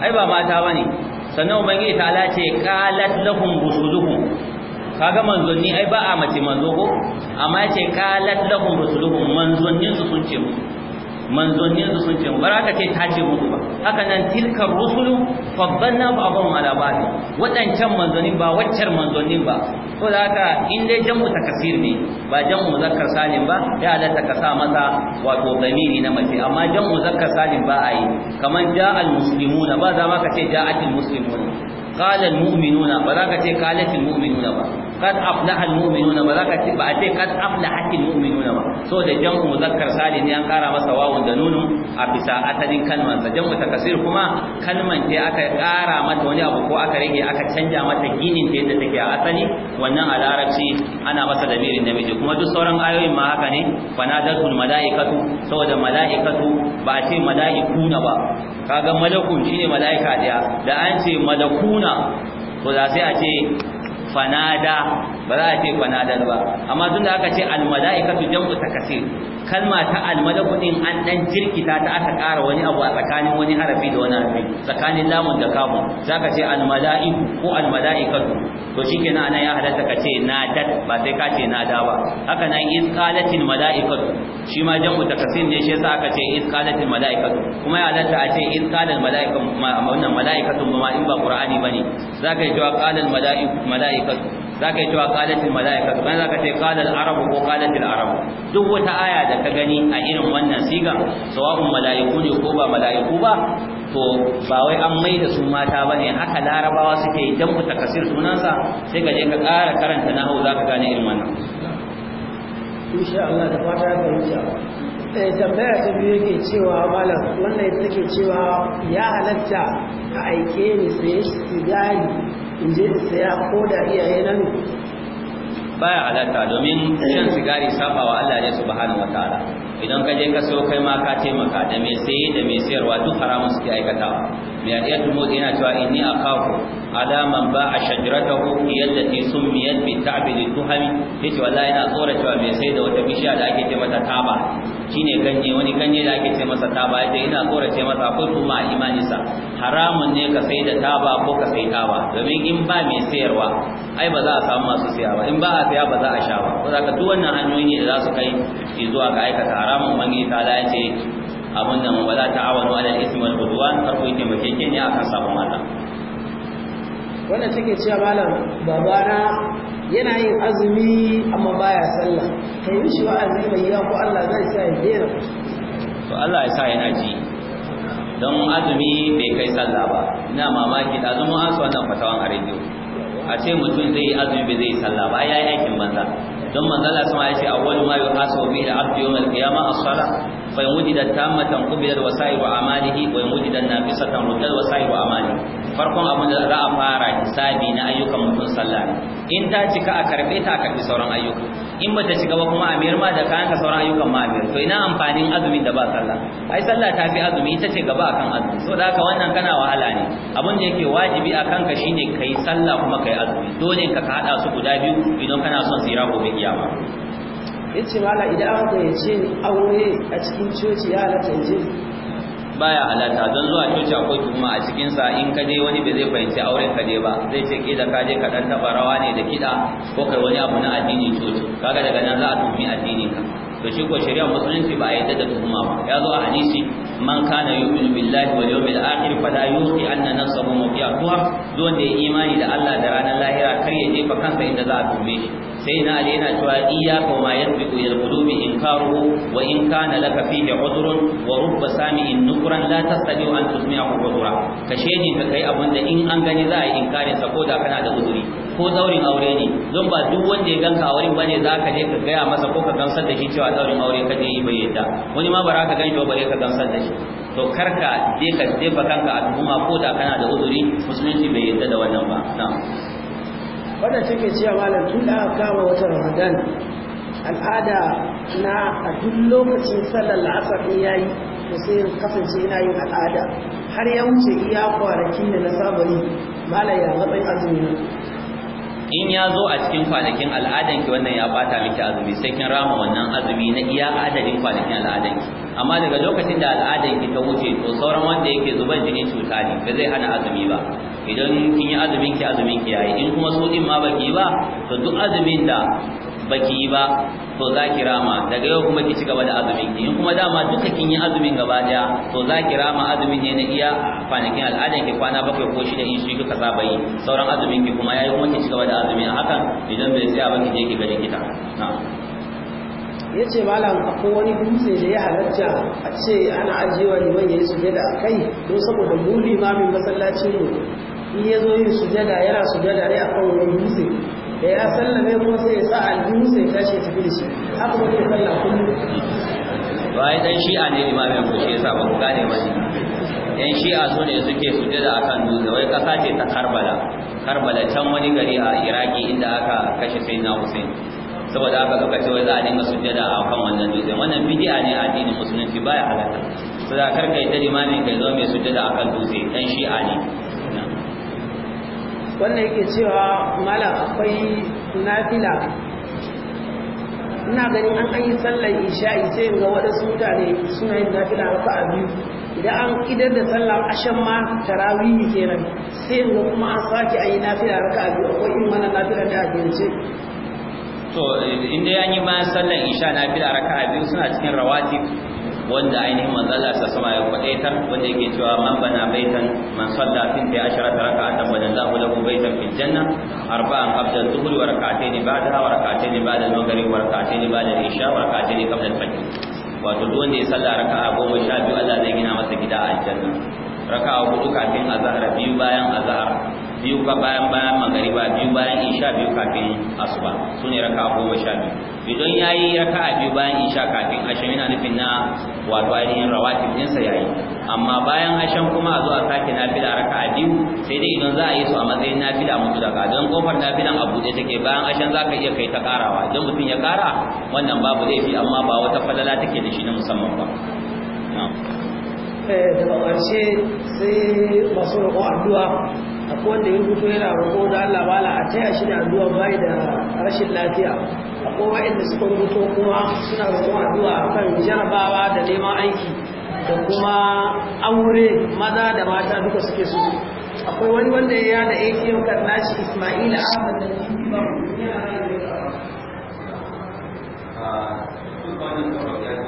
S2: ai ba mata bane sannan ubangiji ta lace qalat lahum rusuluhum kaga manzonni ai ba a mace manzo ko amma yace qalat lahum rusuluhum manzonnin su sun ce mu. manzonnin su sun ce mu. baraka ce ta ce musu ba haka nan tilkar rusulu faddalna ba'dhum ala ba'd wadancan manzonin ba waccar manzonin ba Ko da haka in dai jamu takasir ne ba jamu muzakkar salim ba ya halatta ka sa masa wato damiri na mace amma jamu muzakkar salim ba a yi kaman ja'al muslimuna ba za ma ka ce ja'atil muslimuna قال المؤمنون وذاك قالت المؤمنون بقى Cas af lahal mumin nuna ba za ka ci ba a ce cas af lakin mumin nuna ba saboda muzakkar saɗi ne an ƙara masa wawon da nunun a fisa a sanin kalman sa janku ta kuma kalman ce aka kara mata wani abu ko aka rage aka canja mata ginin ta idan take a asali wannan ala'ar ana masa da biyar da miji kuma duk sauran ayoyin ma haka ne bana dalkun mala'ikatu saboda mala'ikatu ba a ce mala'iku ba kaga madakun shi ne mala'ika daya da an ce madaku na to sai a ce. fanada ba za a ce fanadar ba amma tun da aka ce almala'ikatu jam'u takasir kalma ta almalaku din an dan jirkita ta aka ƙara wani abu a tsakanin wani harafi da wani harafi tsakanin lamun da kamun ka ce almala'iku ko almala'ikatu to shikenan anan ya halatta ka ce na nadat ba sai ka ce na da ba haka nan iz qalatil mala'ikatu shi ma jam'u takasir ne shi yasa aka ce iz qalatil mala'ikatu kuma ya halatta a ce iz qalal mala'ikatu wannan mala'ikatu ba ma in ba qur'ani bane zaka yi cewa qalal mala'ikatu za ka yi cewa kalatin mala'ika kuma za ka ce kalal arabu ko kalatil arabu duk wata aya da ka gani a irin wannan siga sawa'un mala'iku ne ko ba mala'iku ba to ba wai an mai da su mata bane haka larabawa suke yi dan mutakasir sunansa sai ka je ka ƙara karanta nahu za ka gane irin wannan
S3: insha Allah da fata ya fahimta eh tambaya ta biyu yake cewa malam wannan take cewa ya halatta ka aike ni sai sigari inje sai ya ko iyaye nan
S2: baya halatta domin shan eh. sigari sabawa Allah ne subhanahu wataala idan ka je ka so kai ma ka taimaka da mai sai da mai sayarwa duk haramun suke aikatawa yadiyatu mu yana cewa inni akafu alaman ba a shajaratahu yadda summiyat bi ta'bil tuhami yace wallahi ina tsora cewa mai sai da wata bishiya da ake ce mata taba shine ganye wani ganye da ake ce masa taba yace ina tsora masa akwai kuma a imaninsa haramun ne ka sai da taba ko ka sai taba domin in ba mai sayarwa ai ba za a samu masu ba in ba a saya ba za a sha ba saboda duk wannan hanyoyi ne da za su kai zuwa ga aikata haramun ubangiji ta yace abin nan wala ta'awanu ala al-ithmi wal udwan yake ku taimakeke ne akan sabon Allah
S3: wannan take cewa malam babana yana yin azumi amma baya sallah kai wa azumi mai yawa ko Allah zai sa ya dena
S2: to Allah ya sa yana ji don azumi bai kai sallah ba ina mamaki da azumin asu wannan fatawan a rediyo a ce mutum zai yi azumi bai zai sallah ba ya yi aikin banza don manzala sama ya ce awwalu ma yuhasabu bihi al-abdu yawm al-qiyamah as-salah fa in wujida tammatan qubila wa sa'iru amalihi wa in wujida nafisatan rudda wa sa'iru farkon abin da za a fara hisabi na ayyukan mutum sallah in ta cika a karbe ta a karbi sauran ayyuka in bata cika ba kuma amir ma da kayan ka sauran ayyukan ma amir to ina amfanin azumin da ba sallah ai sallah ta fi azumi ita ce gaba akan azumi so da haka wannan kana wahala ne abin da yake wajibi akan ka shine kai sallah kuma kai azumi dole ka ka hada su guda biyu idan kana son tsira iya ba
S3: yace mala idan an yace aure a cikin coci ya halatta je
S2: baya alata don zuwa coci akwai tuhuma a cikin sa in ka wani bai zai fahimci auren ka je ba zai ce da ka je ka dan taba rawa ne da kiɗa ko kai wani abu na addini coci kaga daga nan za a tuhumi addini ka to shi ko shari'a musulunci ba a yadda da tuhuma ba ya zo a hadisi man kana yu'minu billahi wal yawmil akhir fala yusi anna nafsahu kuwa, don da imani da Allah da ranar lahira kar ya jefa kansa inda za a tume shi sai na ali yana cewa iyyaka wa ma yasbiqu ila qulubi inkaruhu wa in kana laka fihi udhrun wa rubba sami'in nukran la tastadiu an tusmi'ahu udhra Kashe shedin ka kai abunda in an gani za a inkarin sa ko da kana da udhuri ko daurin aure ne don ba duk wanda ya ganka a wurin bane za ka je ka gaya masa ko ka gamsar da shi cewa daurin aure ka je yi bai yadda wani ma ba za ka gan shi bare ka gamsar da shi to karka je ka jefa kanka a tuhuma ko da kana da uzuri musulunci bai yadda da wannan ba na'am
S3: wannan take cewa malam tun da aka kama wata Ramadan al'ada na a duk lokacin sallar la'asar in yayi to sai kasance ina yin al'ada har ya wuce iya kwanaki da na saba yi malam ya matsayin azumi
S2: in ya zo a cikin kwanakin al'adanki ki wannan ya bata miki azumi sai kin rama wannan azumi na iya adadin kwanakin al'adanki, ki amma daga lokacin da al'adanki ki ta wuce to sauran wanda yake zuban jini cuta ne ba zai hana azumi ba idan kin yi azumin ki azumin ki yayi in kuma su din ma baki ba to duk azumin da baki ba to za ki rama daga yau kuma ki ci gaba da azumin ki in kuma dama duka kin yi azumin gaba daya to za ki rama azumin ne na iya kwanakin al'adan ki kwana bakwai ko shida in shi kika saba yi sauran azumin ki kuma yayi kuma ki ci gaba da azumin a hakan idan bai tsaya ba ki je ki ga likita
S3: yace ce malam akwai wani dutse da ya halarta a ce ana ajiyewa liman ya yi sujada a kai ko saboda ma min masallacin mu in ya zo yin sujada yana sujada ne akan wani dutse da ya sallame kuma sai ya sa haka wani sallah kullum
S2: bayan dan shi'a ne limamin ku shi yasa ba ku gane ba shi yan shi'a su ne suke da akan dutse wai kasa ce ta Karbala Karbala can wani gari a Iraki inda aka kashe na Hussein saboda aka suka ce wai za a dinga da akan wannan dutse wannan bid'a ne a addinin musulunci baya halatta saboda karka ta limamin kai zo mai da akan dutse dan shi'a ne
S3: wannan yake cewa mala akwai nafila ina ganin an an yi sallar isha'i sai ga waɗansu mutane suna yin nafila raka a biyu idan an idar da sallar ashan ma tarawihi kenan sai ga kuma an sake an yi nafila raka a biyu akwai in mana nafila da a
S2: to eh, inda ya yi ma sallar isha nafila raka a biyu suna cikin rawati wanda ainihin Allah sa sama ya ta wanda yake cewa man bana baitan man salla fi ta ashara raka'atan bana Allahu lahu baitan fil janna arba'an qabla dhuhri wa raka'atayn ba'daha wa raka'atayn ba'da al-maghrib wa raka'atayn ba'da al-isha wa raka'atayn qabla al-fajr wato duk wanda ya salla raka'a goma sha biyu Allah zai gina masa gida a aljanna raka'a hudu kafin azhar biyu bayan azhar biyu ka bayan bayan magariba biyu bayan isha biyu kafin asuba sune raka'a goma sha biyu idan yayi raka'a biyu bayan isha kafin asham yana nufin na wato ainihin rawatib din sa yayi amma bayan asham kuma a zo a sake nafila raka'a biyu sai dai idan za a yi su a matsayin nafila mutu daga don kofar nafilan a buɗe take bayan za zaka iya kai ta karawa idan mutum ya kara wannan babu laifi amma ba wata falala take da shi na musamman ba
S3: eh, daga ƙarshe sai masu roƙon addu'a akwai wanda ya rubuto yana roƙo da Allah bala a taya shi da addu'a bai da rashin lafiya akwai waɗanda suka rubuto kuma suna zuwa a kan jarabawa da neman aiki da kuma aure maza da mata duka suke so akwai wani wanda ya yada ATM kan nashi Ismaila Ahmad
S1: da ba